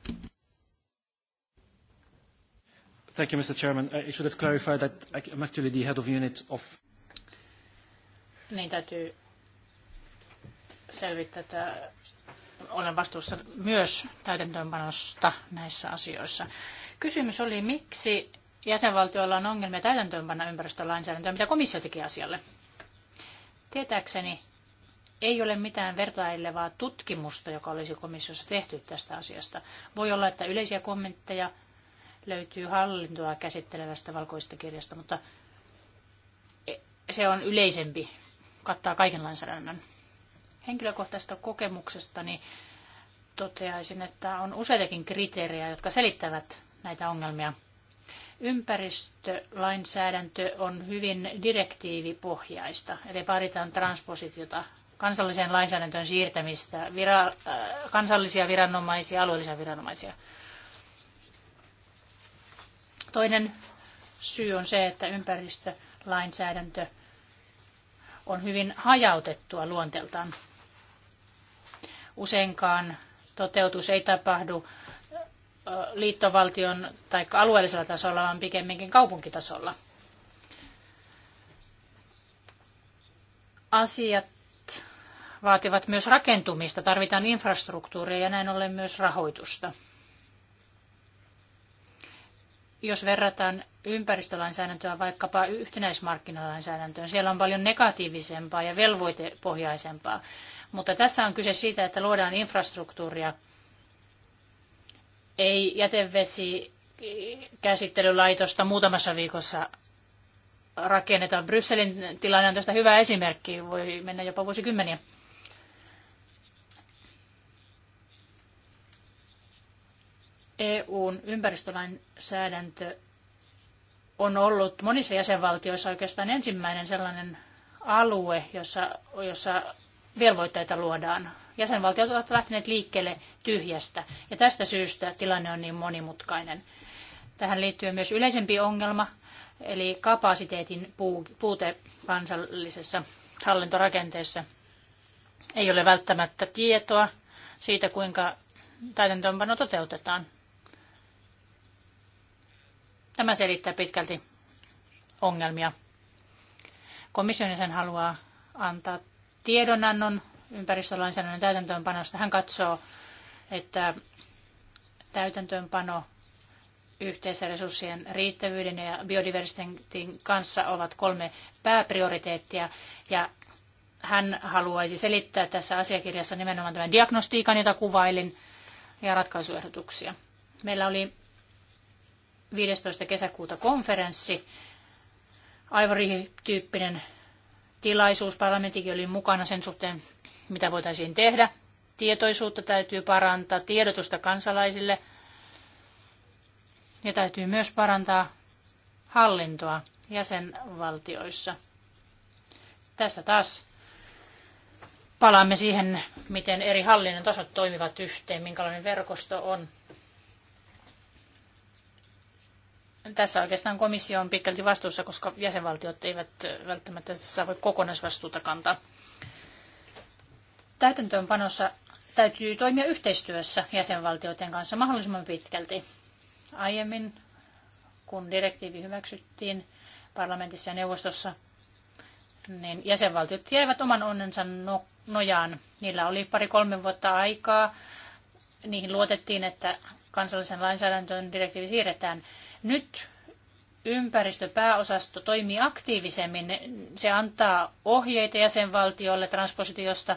Thank you, Mr. Chairman. I uh, should have clarified that I'm actually the head of unit of... Niin täytyy selvittää, että olen vastuussa myös täytäntöönpanosta näissä asioissa. Kysymys oli, miksi jäsenvaltioilla on ongelmia täytäntöönpanna ympäristölainsäädäntöä, mitä komissio teki asialle. Tietääkseni ei ole mitään vertailevaa tutkimusta, joka olisi komissiossa tehty tästä asiasta. Voi olla, että yleisiä kommentteja löytyy hallintoa käsittelevästä valkoisesta kirjasta, mutta se on yleisempi, kattaa kaiken lainsäädännön. Henkilökohtaisesta kokemuksestani toteaisin, että on useitakin kriteerejä, jotka selittävät näitä ongelmia – Ympäristölainsäädäntö on hyvin direktiivipohjaista, eli vaaditaan transpositiota kansalliseen lainsäädäntöön siirtämistä, vira, äh, kansallisia viranomaisia, alueellisia viranomaisia. Toinen syy on se, että ympäristölainsäädäntö on hyvin hajautettua luonteeltaan. Useinkaan toteutus ei tapahdu liittovaltion tai alueellisella tasolla, vaan pikemminkin kaupunkitasolla. Asiat vaativat myös rakentumista, tarvitaan infrastruktuuria ja näin ollen myös rahoitusta. Jos verrataan ympäristölainsäädäntöä vaikkapa yhtenäismarkkinalainsäädäntöön, siellä on paljon negatiivisempaa ja velvoitepohjaisempaa. Mutta tässä on kyse siitä, että luodaan infrastruktuuria ei käsittelylaitosta muutamassa viikossa rakennetaan. Brysselin tilanne on tästä hyvä esimerkki, voi mennä jopa vuosikymmeniä. EUn ympäristölainsäädäntö on ollut monissa jäsenvaltioissa oikeastaan ensimmäinen sellainen alue, jossa, jossa velvoitteita luodaan jäsenvaltiot ovat lähteneet liikkeelle tyhjästä. Ja tästä syystä tilanne on niin monimutkainen. Tähän liittyy myös yleisempi ongelma, eli kapasiteetin puute kansallisessa hallintorakenteessa. Ei ole välttämättä tietoa siitä, kuinka täytäntöönpano toteutetaan. Tämä selittää pitkälti ongelmia. Komissio sen haluaa antaa tiedonannon ympäristölainsäädännön täytäntöönpanosta. Hän katsoo, että täytäntöönpano yhteisresurssien riittävyyden ja biodiversiteetin kanssa ovat kolme pääprioriteettia. Ja hän haluaisi selittää tässä asiakirjassa nimenomaan tämän diagnostiikan, jota kuvailin, ja ratkaisuehdotuksia. Meillä oli 15. kesäkuuta konferenssi, aivorityyppinen tilaisuus, parlamentikin oli mukana sen suhteen, mitä voitaisiin tehdä. Tietoisuutta täytyy parantaa, tiedotusta kansalaisille ja täytyy myös parantaa hallintoa jäsenvaltioissa. Tässä taas palaamme siihen, miten eri hallinnon tasot toimivat yhteen, minkälainen verkosto on. tässä oikeastaan komissio on pitkälti vastuussa, koska jäsenvaltiot eivät välttämättä tässä voi kokonaisvastuuta kantaa. Täytäntöönpanossa täytyy toimia yhteistyössä jäsenvaltioiden kanssa mahdollisimman pitkälti. Aiemmin, kun direktiivi hyväksyttiin parlamentissa ja neuvostossa, niin jäsenvaltiot jäivät oman onnensa no, nojaan. Niillä oli pari-kolme vuotta aikaa. Niihin luotettiin, että kansallisen lainsäädäntöön direktiivi siirretään. Nyt ympäristöpääosasto toimii aktiivisemmin. Se antaa ohjeita jäsenvaltiolle transpositiosta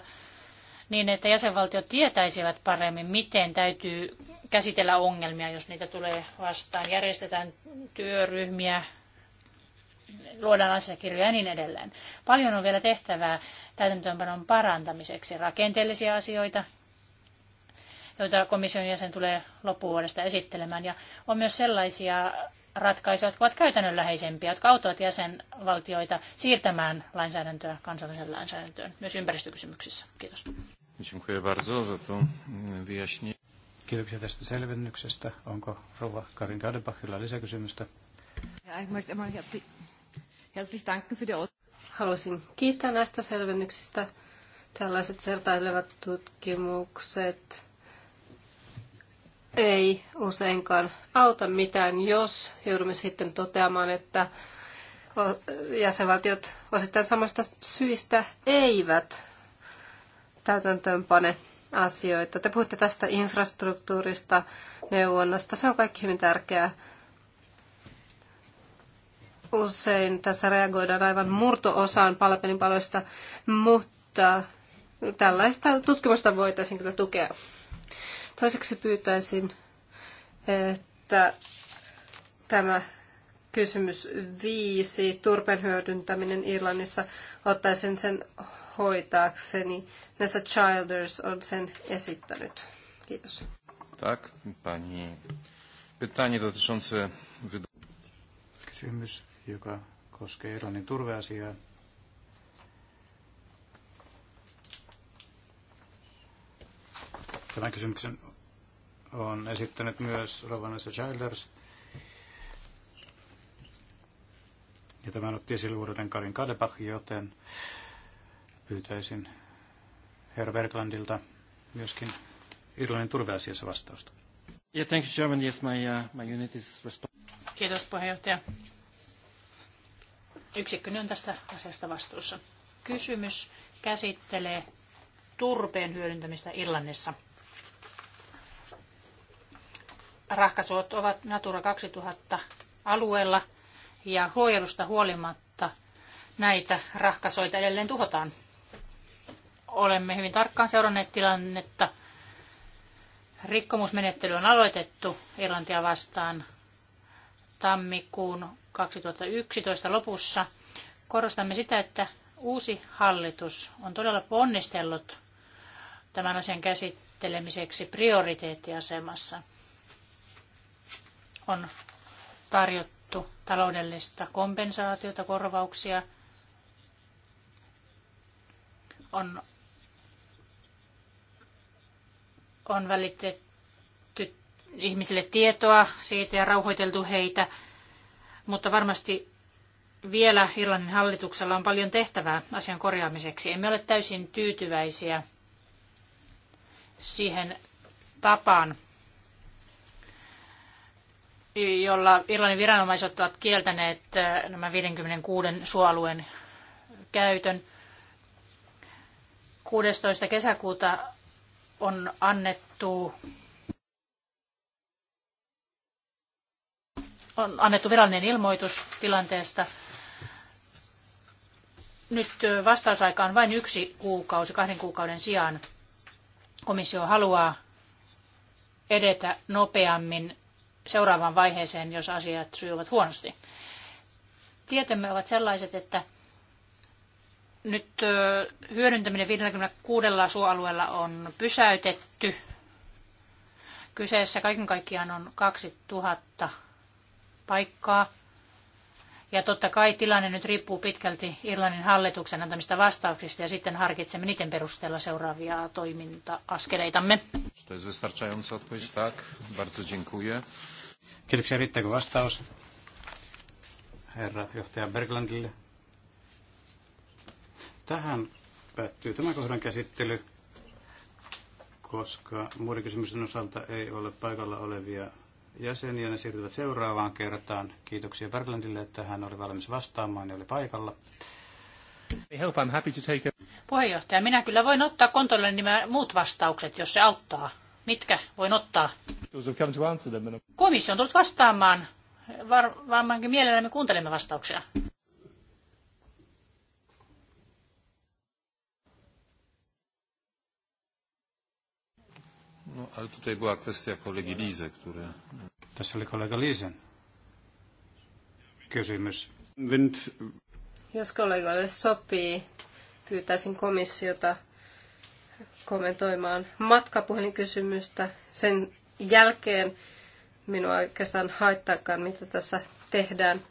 niin, että jäsenvaltiot tietäisivät paremmin, miten täytyy käsitellä ongelmia, jos niitä tulee vastaan. Järjestetään työryhmiä, luodaan asiakirjoja ja niin edelleen. Paljon on vielä tehtävää täytäntöönpanon parantamiseksi, rakenteellisia asioita, joita komission jäsen tulee loppuvuodesta esittelemään. Ja on myös sellaisia ratkaisuja, jotka ovat käytännönläheisempiä, jotka auttavat jäsenvaltioita siirtämään lainsäädäntöä kansalliseen lainsäädäntöön, myös ympäristökysymyksissä. Kiitos. Mm, Kiitoksia tästä selvennyksestä. Onko rouva Karin Gadebachilla lisäkysymystä? Haluaisin kiittää näistä selvennyksistä. Tällaiset vertailevat tutkimukset ei useinkaan auta mitään, jos joudumme sitten toteamaan, että jäsenvaltiot osittain samasta syistä eivät täytäntöönpane asioita. Te puhutte tästä infrastruktuurista, neuvonnasta, se on kaikki hyvin tärkeää. Usein tässä reagoidaan aivan murto-osaan palapelin paloista, mutta tällaista tutkimusta voitaisiin kyllä tukea. Toiseksi pyytäisin, että tämä kysymys viisi, turpeen hyödyntäminen Irlannissa, ottaisin sen hoitaakseni. Nessa Childers on sen esittänyt. Kiitos. Tak, pani. Pytanie dotyczące... Kysymys, joka koskee Irlannin turveasiaa. Tämän kysymyksen on esittänyt myös Rovanessa Childers. Ja tämän otti esille uudelleen Karin Kadebach, joten pyytäisin herra Berglandilta myöskin Irlannin turveasiassa vastausta. Yeah, thank you, Chairman. Yes, my, uh, my unit is Kiitos puheenjohtaja. Yksikköni on tästä asiasta vastuussa. Kysymys käsittelee turpeen hyödyntämistä Irlannissa rahkasuot ovat Natura 2000 alueella ja huojelusta huolimatta näitä rahkasoita edelleen tuhotaan. Olemme hyvin tarkkaan seuranneet tilannetta. Rikkomusmenettely on aloitettu Irlantia vastaan tammikuun 2011 lopussa. Korostamme sitä, että uusi hallitus on todella ponnistellut tämän asian käsittelemiseksi prioriteettiasemassa on tarjottu taloudellista kompensaatiota, korvauksia. On, on välitetty ihmisille tietoa siitä ja rauhoiteltu heitä, mutta varmasti vielä Irlannin hallituksella on paljon tehtävää asian korjaamiseksi. Emme ole täysin tyytyväisiä siihen tapaan, jolla Irlannin viranomaiset ovat kieltäneet eh, nämä 56 suoalueen käytön. 16. kesäkuuta on annettu on annettu virallinen ilmoitus tilanteesta. Nyt eh, vastausaika on vain yksi kuukausi kahden kuukauden sijaan. Komissio haluaa edetä nopeammin seuraavaan vaiheeseen, jos asiat sujuvat huonosti. Tietomme ovat sellaiset, että nyt hyödyntäminen 56 suoalueella on pysäytetty. Kyseessä kaiken kaikkiaan on 2000 paikkaa. Ja totta kai tilanne nyt riippuu pitkälti Irlannin hallituksen antamista vastauksista ja sitten harkitsemme niiden perusteella seuraavia toiminta-askeleitamme. To jest wystarczająca odpowiedź, tak. Bardzo dziękuję. Kiitoksia. Riittääkö vastaus herra johtaja Berglandille? Tähän päättyy tämä kohdan käsittely, koska muiden kysymysten osalta ei ole paikalla olevia jäseniä. Ne siirtyvät seuraavaan kertaan. Kiitoksia Berglandille, että hän oli valmis vastaamaan ja oli paikalla. Help, I'm happy to take a... Puheenjohtaja, minä kyllä voin ottaa kontolle nämä muut vastaukset, jos se auttaa. Mitkä voin ottaa? Komissio on tullut vastaamaan. Var, varmaankin mielellämme kuuntelemme vastauksia. No, Tässä oli kollega Liisen kysymys. Jos kollegoille sopii, pyytäisin komissiota kommentoimaan matkapuhelinkysymystä. Sen jälkeen minua oikeastaan haittaakaan, mitä tässä tehdään.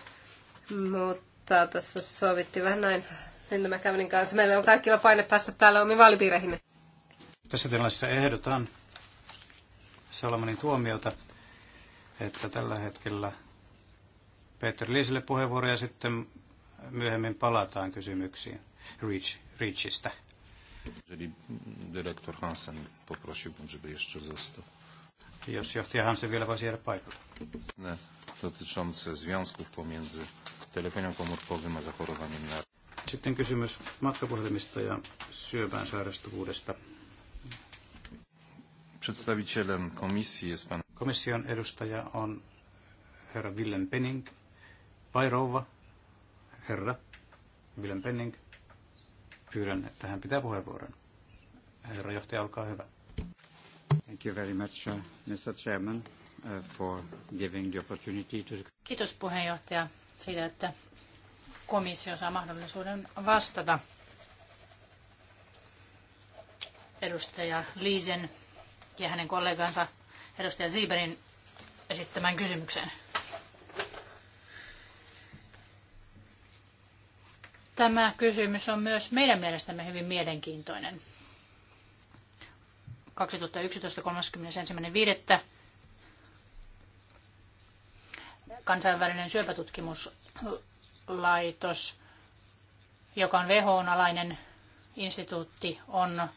Mutta tässä sovittiin vähän näin Linda McCavenin kanssa. Meillä on kaikilla paine päästä täällä omiin vaalipiireihimme. Tässä tilanteessa ehdotan Salomonin tuomiota, että tällä hetkellä Peter Liisille puheenvuoro ja sitten myöhemmin palataan kysymyksiin Reach, Reachista. Jeżeli dyrektor Hansen poprosiłbym, żeby jeszcze został. Dotyczące związków pomiędzy telefonią komórkowym a zachorowaniem na... Sitten kysymys matkapuhelimista ja syöpään sairastuvuudesta. Przedstawicielem komisji jest pan... Komission edustaja on herra Willem Penning. Vai rouva? Herra Willem Penning pyydän, että hän pitää puheenvuoron. Herra johtaja, olkaa hyvä. Thank you very much, uh, Mr. Chairman, uh, for giving the opportunity to... Kiitos puheenjohtaja siitä, että komissio saa mahdollisuuden vastata edustaja Liisen ja hänen kollegansa edustaja Siiberin esittämään kysymykseen. Tämä kysymys on myös meidän mielestämme hyvin mielenkiintoinen. 2011.31.5. kansainvälinen syöpätutkimuslaitos, joka on WHO-alainen instituutti, on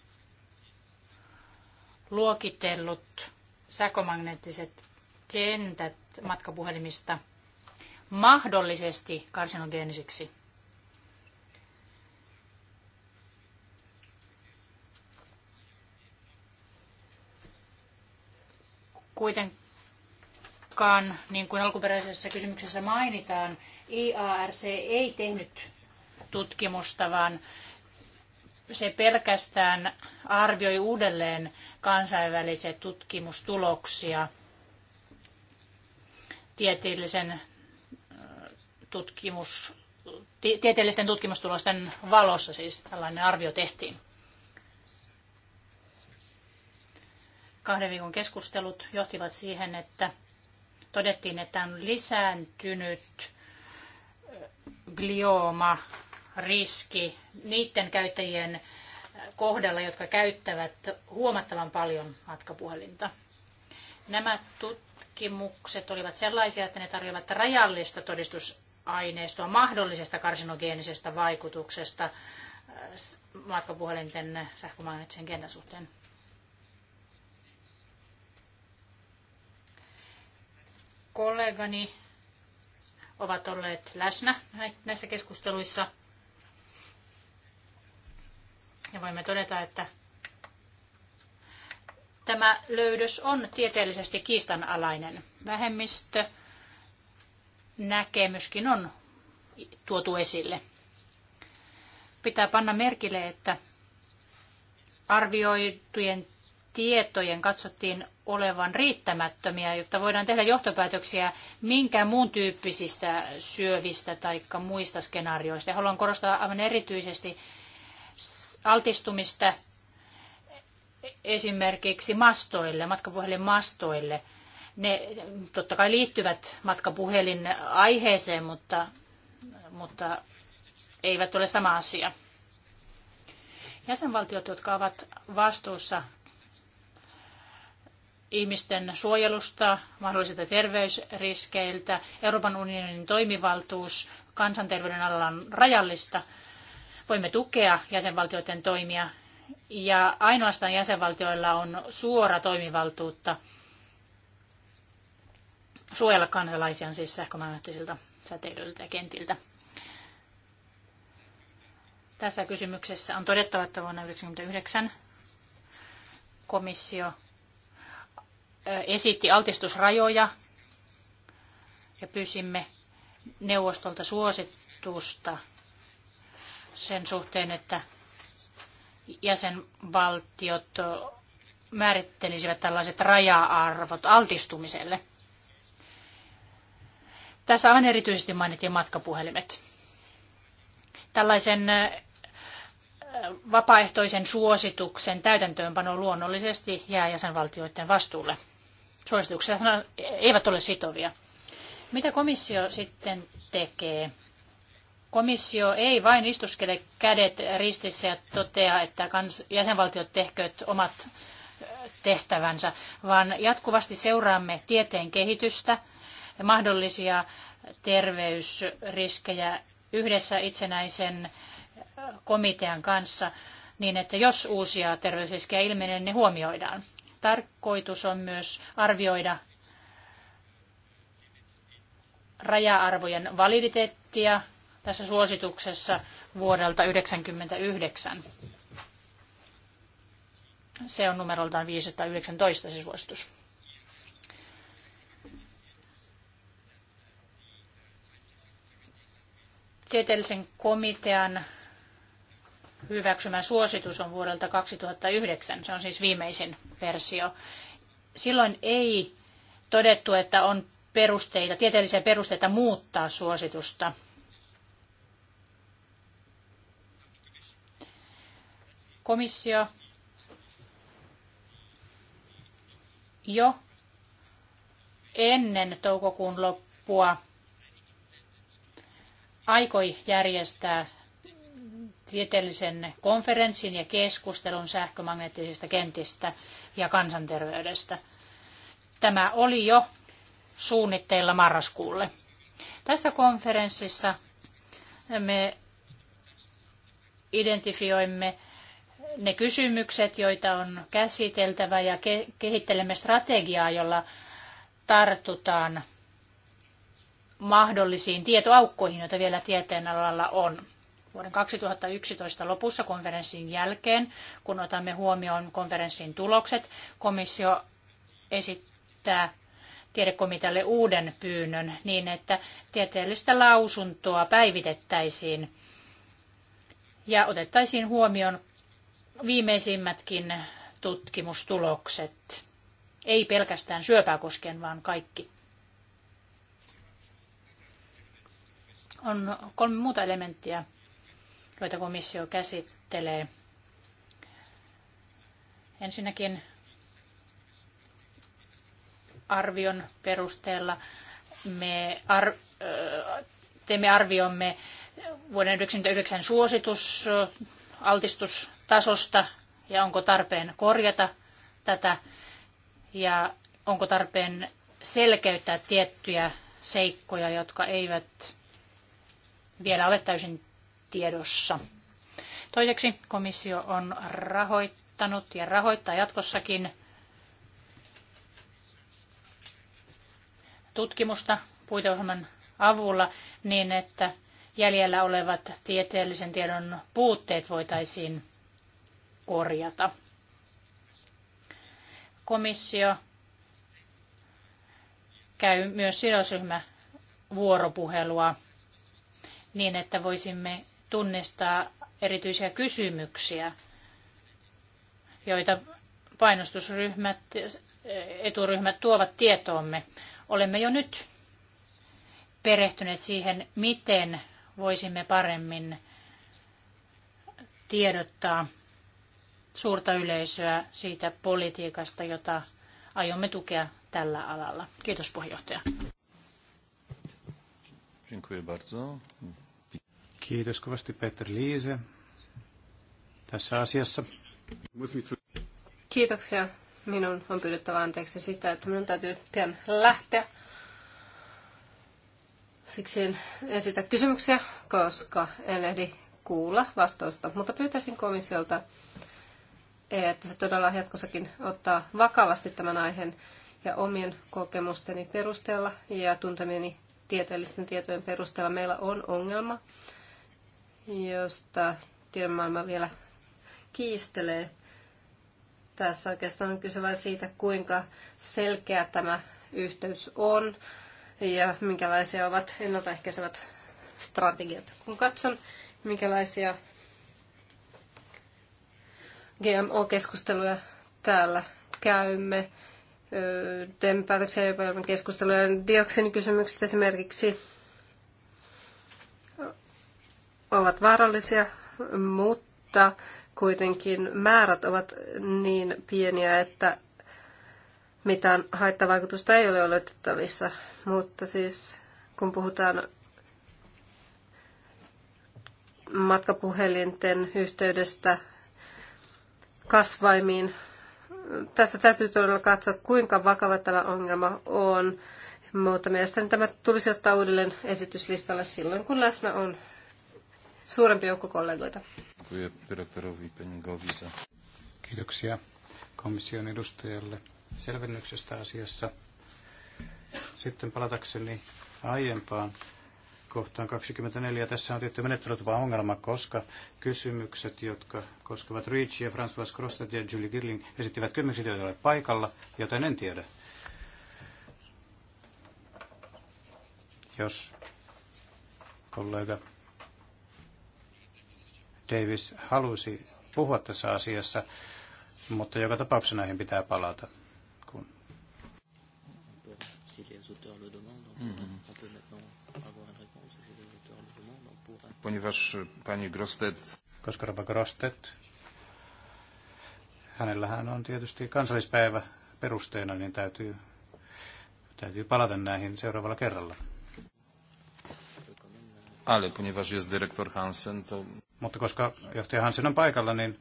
luokitellut säkomagneettiset kentät matkapuhelimista mahdollisesti karsinogeenisiksi kuitenkaan, niin kuin alkuperäisessä kysymyksessä mainitaan, IARC e ei tehnyt tutkimusta, vaan se pelkästään arvioi uudelleen kansainvälisiä tutkimustuloksia tieteellisen tutkimus, tieteellisten tutkimustulosten valossa siis tällainen arvio tehtiin. kahden viikon keskustelut johtivat siihen, että todettiin, että on lisääntynyt glioma riski niiden käyttäjien kohdalla, jotka käyttävät huomattavan paljon matkapuhelinta. Nämä tutkimukset olivat sellaisia, että ne tarjoavat rajallista todistusaineistoa mahdollisesta karsinogeenisesta vaikutuksesta matkapuhelinten sähkömagneettisen kentän suhteen. kollegani ovat olleet läsnä näissä keskusteluissa. Ja voimme todeta, että tämä löydös on tieteellisesti kiistanalainen. Vähemmistö näkemyskin on tuotu esille. Pitää panna merkille, että arvioitujen tietojen katsottiin olevan riittämättömiä, jotta voidaan tehdä johtopäätöksiä minkä muun tyyppisistä syövistä tai muista skenaarioista. Ja haluan korostaa aivan erityisesti altistumista esimerkiksi mastoille, matkapuhelinmastoille. Ne totta kai liittyvät matkapuhelin aiheeseen, mutta, mutta eivät ole sama asia. Jäsenvaltiot, jotka ovat vastuussa ihmisten suojelusta, mahdollisilta terveysriskeiltä. Euroopan unionin toimivaltuus kansanterveyden alalla on rajallista. Voimme tukea jäsenvaltioiden toimia ja ainoastaan jäsenvaltioilla on suora toimivaltuutta suojella kansalaisiaan siis sähkömagneettisilta säteilyiltä ja kentiltä. Tässä kysymyksessä on todettava, että vuonna 1999 komissio esitti altistusrajoja ja pyysimme neuvostolta suositusta sen suhteen, että jäsenvaltiot määrittelisivät tällaiset raja-arvot altistumiselle. Tässä aivan erityisesti mainittiin matkapuhelimet. Tällaisen vapaaehtoisen suosituksen täytäntöönpano luonnollisesti jää jäsenvaltioiden vastuulle suositukset eivät ole sitovia. Mitä komissio sitten tekee? Komissio ei vain istuskele kädet ristissä ja totea, että kans, jäsenvaltiot tehkööt omat tehtävänsä, vaan jatkuvasti seuraamme tieteen kehitystä ja mahdollisia terveysriskejä yhdessä itsenäisen komitean kanssa niin, että jos uusia terveysriskejä ilmenee, niin ne huomioidaan tarkoitus on myös arvioida raja-arvojen validiteettia tässä suosituksessa vuodelta 1999. Se on numeroltaan 519 se suositus. Tieteellisen komitean hyväksymä suositus on vuodelta 2009. Se on siis viimeisin versio. Silloin ei todettu, että on perusteita, tieteellisiä perusteita muuttaa suositusta. Komissio jo ennen toukokuun loppua aikoi järjestää tieteellisen konferenssin ja keskustelun sähkömagneettisista kentistä ja kansanterveydestä. Tämä oli jo suunnitteilla marraskuulle. Tässä konferenssissa me identifioimme ne kysymykset, joita on käsiteltävä ja kehittelemme strategiaa, jolla tartutaan mahdollisiin tietoaukkoihin, joita vielä tieteen alalla on vuoden 2011 lopussa konferenssin jälkeen, kun otamme huomioon konferenssin tulokset, komissio esittää tiedekomitealle uuden pyynnön niin, että tieteellistä lausuntoa päivitettäisiin ja otettaisiin huomioon viimeisimmätkin tutkimustulokset. Ei pelkästään syöpää koskien, vaan kaikki. On kolme muuta elementtiä, joita komissio käsittelee. Ensinnäkin arvion perusteella me ar- teemme arviomme vuoden 1999 suositus altistustasosta ja onko tarpeen korjata tätä ja onko tarpeen selkeyttää tiettyjä seikkoja, jotka eivät vielä ole täysin tiedossa. Toiseksi komissio on rahoittanut ja rahoittaa jatkossakin tutkimusta puiteohjelman avulla niin, että jäljellä olevat tieteellisen tiedon puutteet voitaisiin korjata. Komissio käy myös sidosryhmä vuoropuhelua niin, että voisimme tunnistaa erityisiä kysymyksiä, joita painostusryhmät, eturyhmät tuovat tietoomme. Olemme jo nyt perehtyneet siihen, miten voisimme paremmin tiedottaa suurta yleisöä siitä politiikasta, jota aiomme tukea tällä alalla. Kiitos puheenjohtaja. Dziękuję bardzo. Kiitos kovasti Peter Liise tässä asiassa. Kiitoksia. Minun on pyydettävä anteeksi sitä, että minun täytyy pian lähteä. Siksi en esitä kysymyksiä, koska en ehdi kuulla vastausta. Mutta pyytäisin komissiolta, että se todella jatkossakin ottaa vakavasti tämän aiheen ja omien kokemusteni perusteella ja tuntemieni tieteellisten tietojen perusteella meillä on ongelma, josta tiedemaailma vielä kiistelee. Tässä oikeastaan on kyse vain siitä, kuinka selkeä tämä yhteys on ja minkälaisia ovat ennaltaehkäisevät strategiat. Kun katson, minkälaisia GMO-keskusteluja täällä käymme, teemme päätöksiä jopa keskusteluja, dioksinikysymykset esimerkiksi, ovat vaarallisia, mutta kuitenkin määrät ovat niin pieniä, että mitään haittavaikutusta ei ole oletettavissa. Mutta siis kun puhutaan matkapuhelinten yhteydestä kasvaimiin, tässä täytyy todella katsoa, kuinka vakava tämä ongelma on. Mutta mielestäni tämä tulisi ottaa uudelleen esityslistalle silloin, kun läsnä on suurempi joukko kollegoita. Kiitoksia komission edustajalle selvennyksestä asiassa. Sitten palatakseni aiempaan kohtaan 24. Tässä on tietty menettelytapa ongelma, koska kysymykset, jotka koskevat ja François Crosset ja Julie Girling esittivät kysymykset, joita ole paikalla, joten en tiedä. Jos kollega Davis halusi puhua tässä asiassa, mutta joka tapauksessa näihin pitää palata. Kun... Ponieważ pani Grosted... Koska Rova Grosted, hänellähän on tietysti kansallispäivä perusteena, niin täytyy, täytyy palata näihin seuraavalla kerralla. Ale ponieważ jest dyrektor Hansen, to... Mutta koska johtaja Hansen on paikalla, niin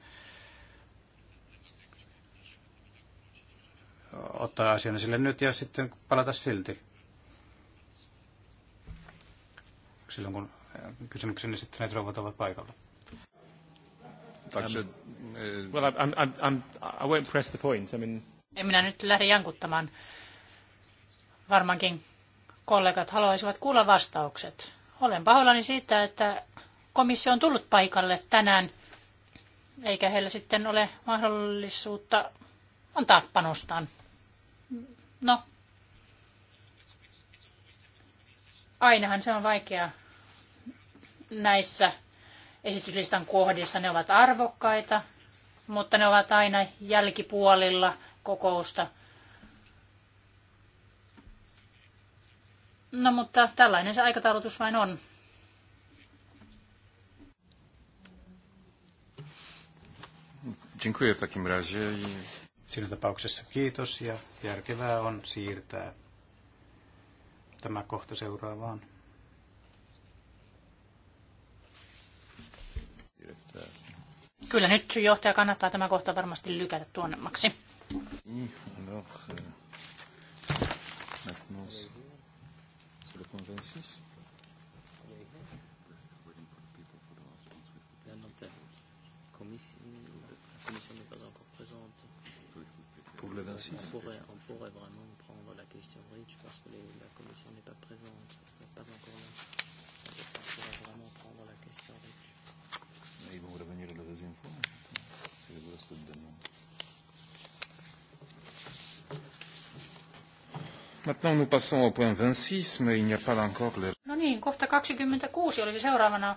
ottaa asian sille nyt ja sitten palata silti. Silloin kun äh, kysymykseni sitten rouvat ovat paikalla. Um, eh, well, I won't press the point. I mean... En minä nyt lähde jankuttamaan. Varmaankin kollegat haluaisivat kuulla vastaukset. Olen pahoillani siitä, että komissio on tullut paikalle tänään, eikä heillä sitten ole mahdollisuutta antaa panostaan. No, ainahan se on vaikea näissä esityslistan kohdissa. Ne ovat arvokkaita, mutta ne ovat aina jälkipuolilla kokousta. No mutta tällainen se aikataulutus vain on. Dziękuję w takim razie. Siinä tapauksessa kiitos ja järkevää on siirtää tämä kohta seuraavaan. Kyllä nyt johtaja kannattaa tämä kohta varmasti lykätä tuonnemmaksi. Niin, alors, euh, maintenant, c'est le point 26. le 26. On pourrait, on pourrait vraiment prendre la question Rich parce que les, la commission n'est pas présente, n'est pas encore là. On pourrait vraiment prendre la question Rich. Mais ils vont revenir la deuxième fois. C'est vous reste de demain. Maintenant nous passons au point 26, mais il n'y a pas encore le... No niin, kohta 26 olisi seuraavana,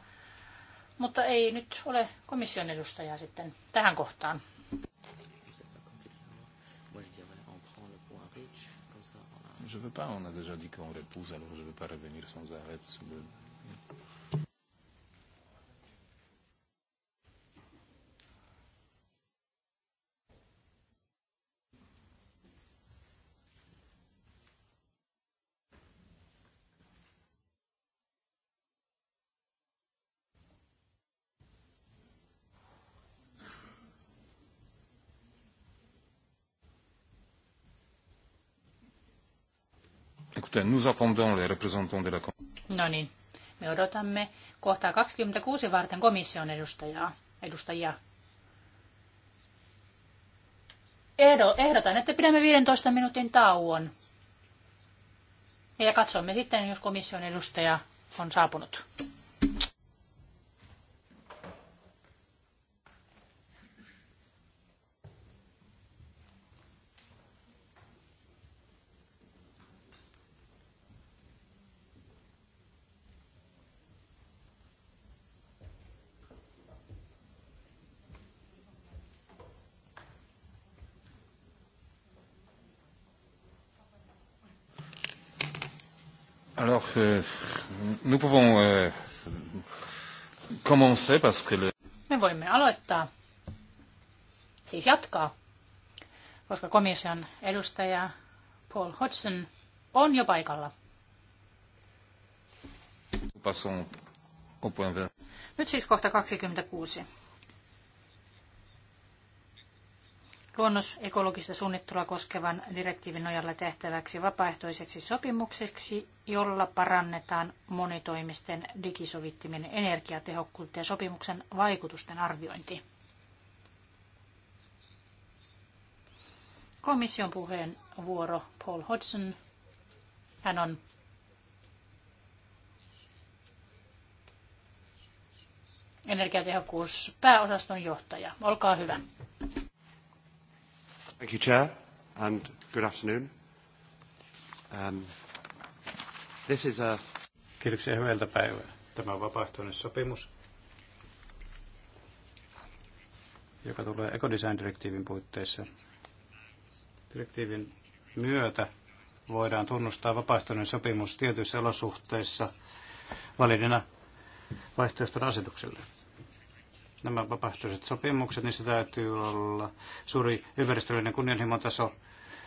mutta ei nyt ole komission edustajaa sitten tähän kohtaan. pas. On a déjà dit qu'on repousse, alors je ne veux pas revenir sans arrêt sur le Sitten nous attendons les représentants de la No niin, me odotamme kohtaa 26 varten komission edustajaa, edustajia. Ehdo, ehdotan, että pidämme 15 minuutin tauon. Ja katsomme sitten, jos komission edustaja on saapunut. Euh, nous pouvons euh, commencer parce que le... Me voimme aloittaa, siis jatkaa, koska komission edustaja Paul Hodgson on jo paikalla. Nyt siis kohta 26. luonnosekologista ekologista suunnittelua koskevan direktiivin nojalla tehtäväksi vapaaehtoiseksi sopimukseksi, jolla parannetaan monitoimisten digisovittimien energiatehokkuutta ja sopimuksen vaikutusten arviointi. Komission puheen vuoro Paul Hodgson. Hän on energiatehokkuuspääosaston johtaja. Olkaa hyvä. Thank you, Chair, and good afternoon. Um, this is a... Kiitoksia hyvältä päivää. Tämä on vapaaehtoinen sopimus, joka tulee ekodesign-direktiivin puitteissa. Direktiivin myötä voidaan tunnustaa vapaaehtoinen sopimus tietyissä olosuhteissa validina vaihtoehtona asetukselle nämä vapaaehtoiset sopimukset, niissä täytyy olla suuri ympäristöllinen kunnianhimon taso,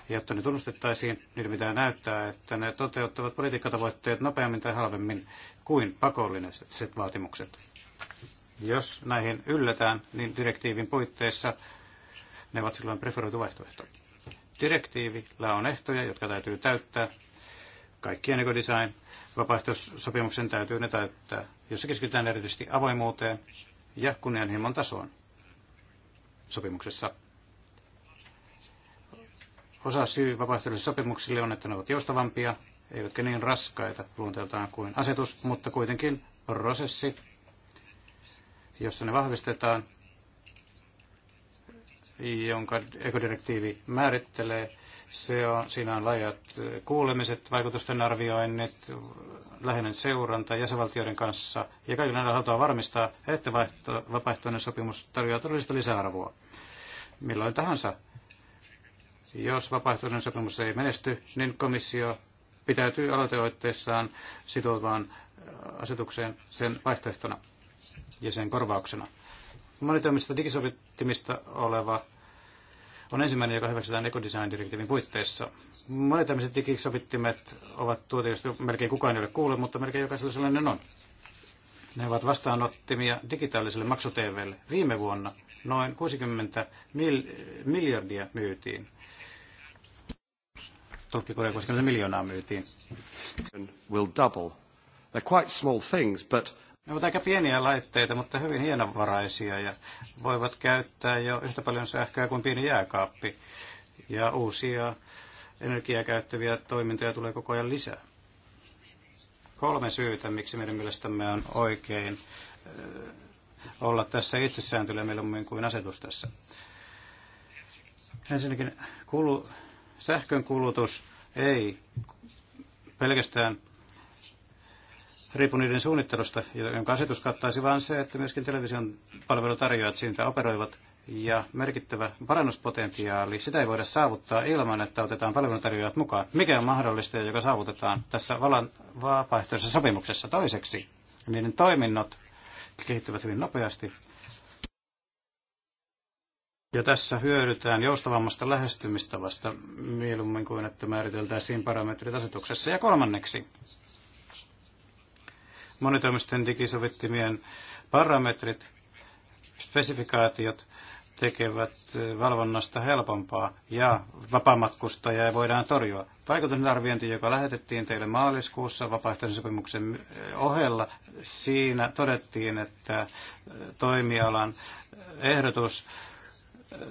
jotta ne tunnustettaisiin, niiden pitää näyttää, että ne toteuttavat politiikkatavoitteet nopeammin tai halvemmin kuin pakolliset vaatimukset. Jos näihin yllätään, niin direktiivin puitteissa ne ovat silloin preferoitu vaihtoehto. Direktiivillä on ehtoja, jotka täytyy täyttää. Kaikkien ekodesign vapaaehtoissopimuksen täytyy ne täyttää, jossa keskitytään erityisesti avoimuuteen, ja kunnianhimon tasoon sopimuksessa. Osa syy vapaaehtoisille sopimuksille on, että ne ovat joustavampia, eivätkä niin raskaita luonteeltaan kuin asetus, mutta kuitenkin prosessi, jossa ne vahvistetaan, jonka ekodirektiivi määrittelee. Se on, siinä on laajat kuulemiset, vaikutusten arvioinnit, läheinen seuranta jäsenvaltioiden kanssa. Ja kaikilla näillä halutaan varmistaa, että vaihto, vapaaehtoinen sopimus tarjoaa todellista lisäarvoa. Milloin tahansa, jos vapaaehtoinen sopimus ei menesty, niin komissio pitäytyy aloiteoitteessaan sitovaan asetukseen sen vaihtoehtona ja sen korvauksena. Monitoimista digisovittimista oleva on ensimmäinen, joka hyväksytään ekodesign-direktiivin puitteissa. Monitoimiset digisovittimet ovat tuote, josta melkein kukaan ei ole kuullut, mutta melkein jokaisella sellainen on. Ne ovat vastaanottimia digitaaliselle maksutvlle. Viime vuonna noin 60 mil- miljardia myytiin. Tulkkikorja 60 miljoonaa myytiin. Will double. They're quite small things, but ne ovat aika pieniä laitteita, mutta hyvin hienovaraisia ja voivat käyttää jo yhtä paljon sähköä kuin pieni jääkaappi. Ja uusia energiaa käyttäviä toimintoja tulee koko ajan lisää. Kolme syytä, miksi meidän mielestämme on oikein äh, olla tässä itsesääntelyä mieluummin kuin asetus tässä. Ensinnäkin kulu, sähkön kulutus ei pelkästään riippuu niiden suunnittelusta, jonka asetus kattaisi vain se, että myöskin television palvelutarjoajat siitä operoivat ja merkittävä parannuspotentiaali. Sitä ei voida saavuttaa ilman, että otetaan palveluntarjoajat mukaan. Mikä on mahdollista, joka saavutetaan tässä valan vapaaehtoisessa sopimuksessa toiseksi? Niiden toiminnot kehittyvät hyvin nopeasti. Ja tässä hyödytään joustavammasta lähestymistavasta mieluummin kuin, että määriteltäisiin parametrit asetuksessa. Ja kolmanneksi, monitoimisten digisovittimien parametrit, spesifikaatiot tekevät valvonnasta helpompaa ja vapaamatkustajaa voidaan torjua. Vaikutusarviointi, joka lähetettiin teille maaliskuussa vapaaehtoisen sopimuksen ohella, siinä todettiin, että toimialan ehdotus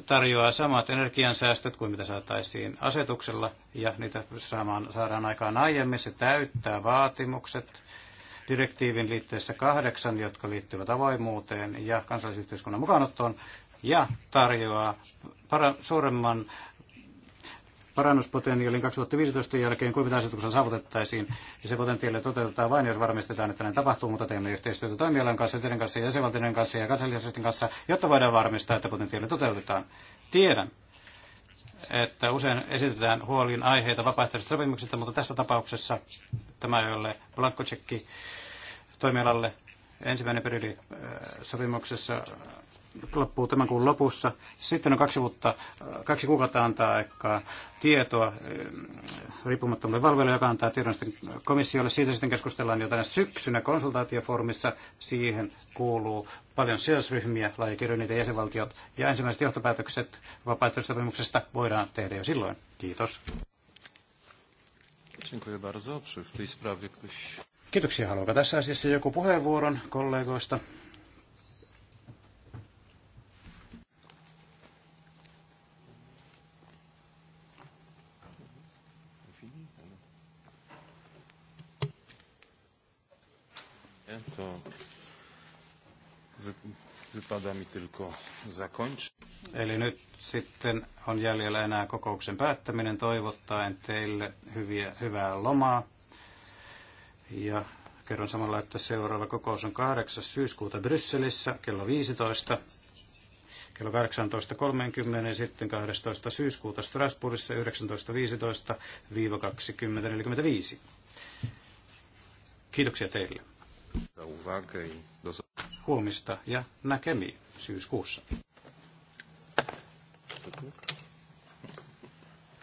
tarjoaa samat energiansäästöt kuin mitä saataisiin asetuksella ja niitä saamaan, saadaan aikaan aiemmin. Se täyttää vaatimukset direktiivin liitteessä kahdeksan, jotka liittyvät avoimuuteen ja kansallisyhteiskunnan mukaanottoon, ja tarjoaa para- suuremman parannuspotentiaalin 2015 jälkeen kuin mitä asetuksella saavutettaisiin. Ja se potentiaali toteutetaan vain, jos varmistetaan, että näin tapahtuu, mutta teemme yhteistyötä toimialan kanssa, teidän kanssa, jäsenvaltioiden kanssa ja kansallisten kanssa, jotta voidaan varmistaa, että potentiaali toteutetaan. Tiedän, että usein esitetään huolin aiheita vapaaehtoisista sopimuksista, mutta tässä tapauksessa tämä ei ole blankotsekki toimialalle. Ensimmäinen periodi äh, sopimuksessa loppuu tämän kuun lopussa. Sitten on kaksi, vuotta, kaksi kuukautta antaa aikaa tietoa eh, riippumattomalle valvelijalle, joka antaa tiedon sitten komissiolle. Siitä sitten keskustellaan jo tänä syksynä konsultaatiofoorumissa. Siihen kuuluu paljon sidosryhmiä, lajikirjoja, niitä jäsenvaltiot. Ja ensimmäiset johtopäätökset vapaaehtoisopimuksesta voidaan tehdä jo silloin. Kiitos. Kiitoksia. Haluaako tässä asiassa joku puheenvuoron kollegoista? Wypada mi tylko zakończyć. Eli nyt sitten on jäljellä enää kokouksen päättäminen toivottaen teille hyviä, hyvää lomaa. Ja kerron samalla, että seuraava kokous on 8. syyskuuta Brysselissä kello 15 kello 18.30 ja sitten 12. syyskuuta Strasbourgissa 19.15-20.45. Kiitoksia teille. Huomista ja näkemiin syyskuussa.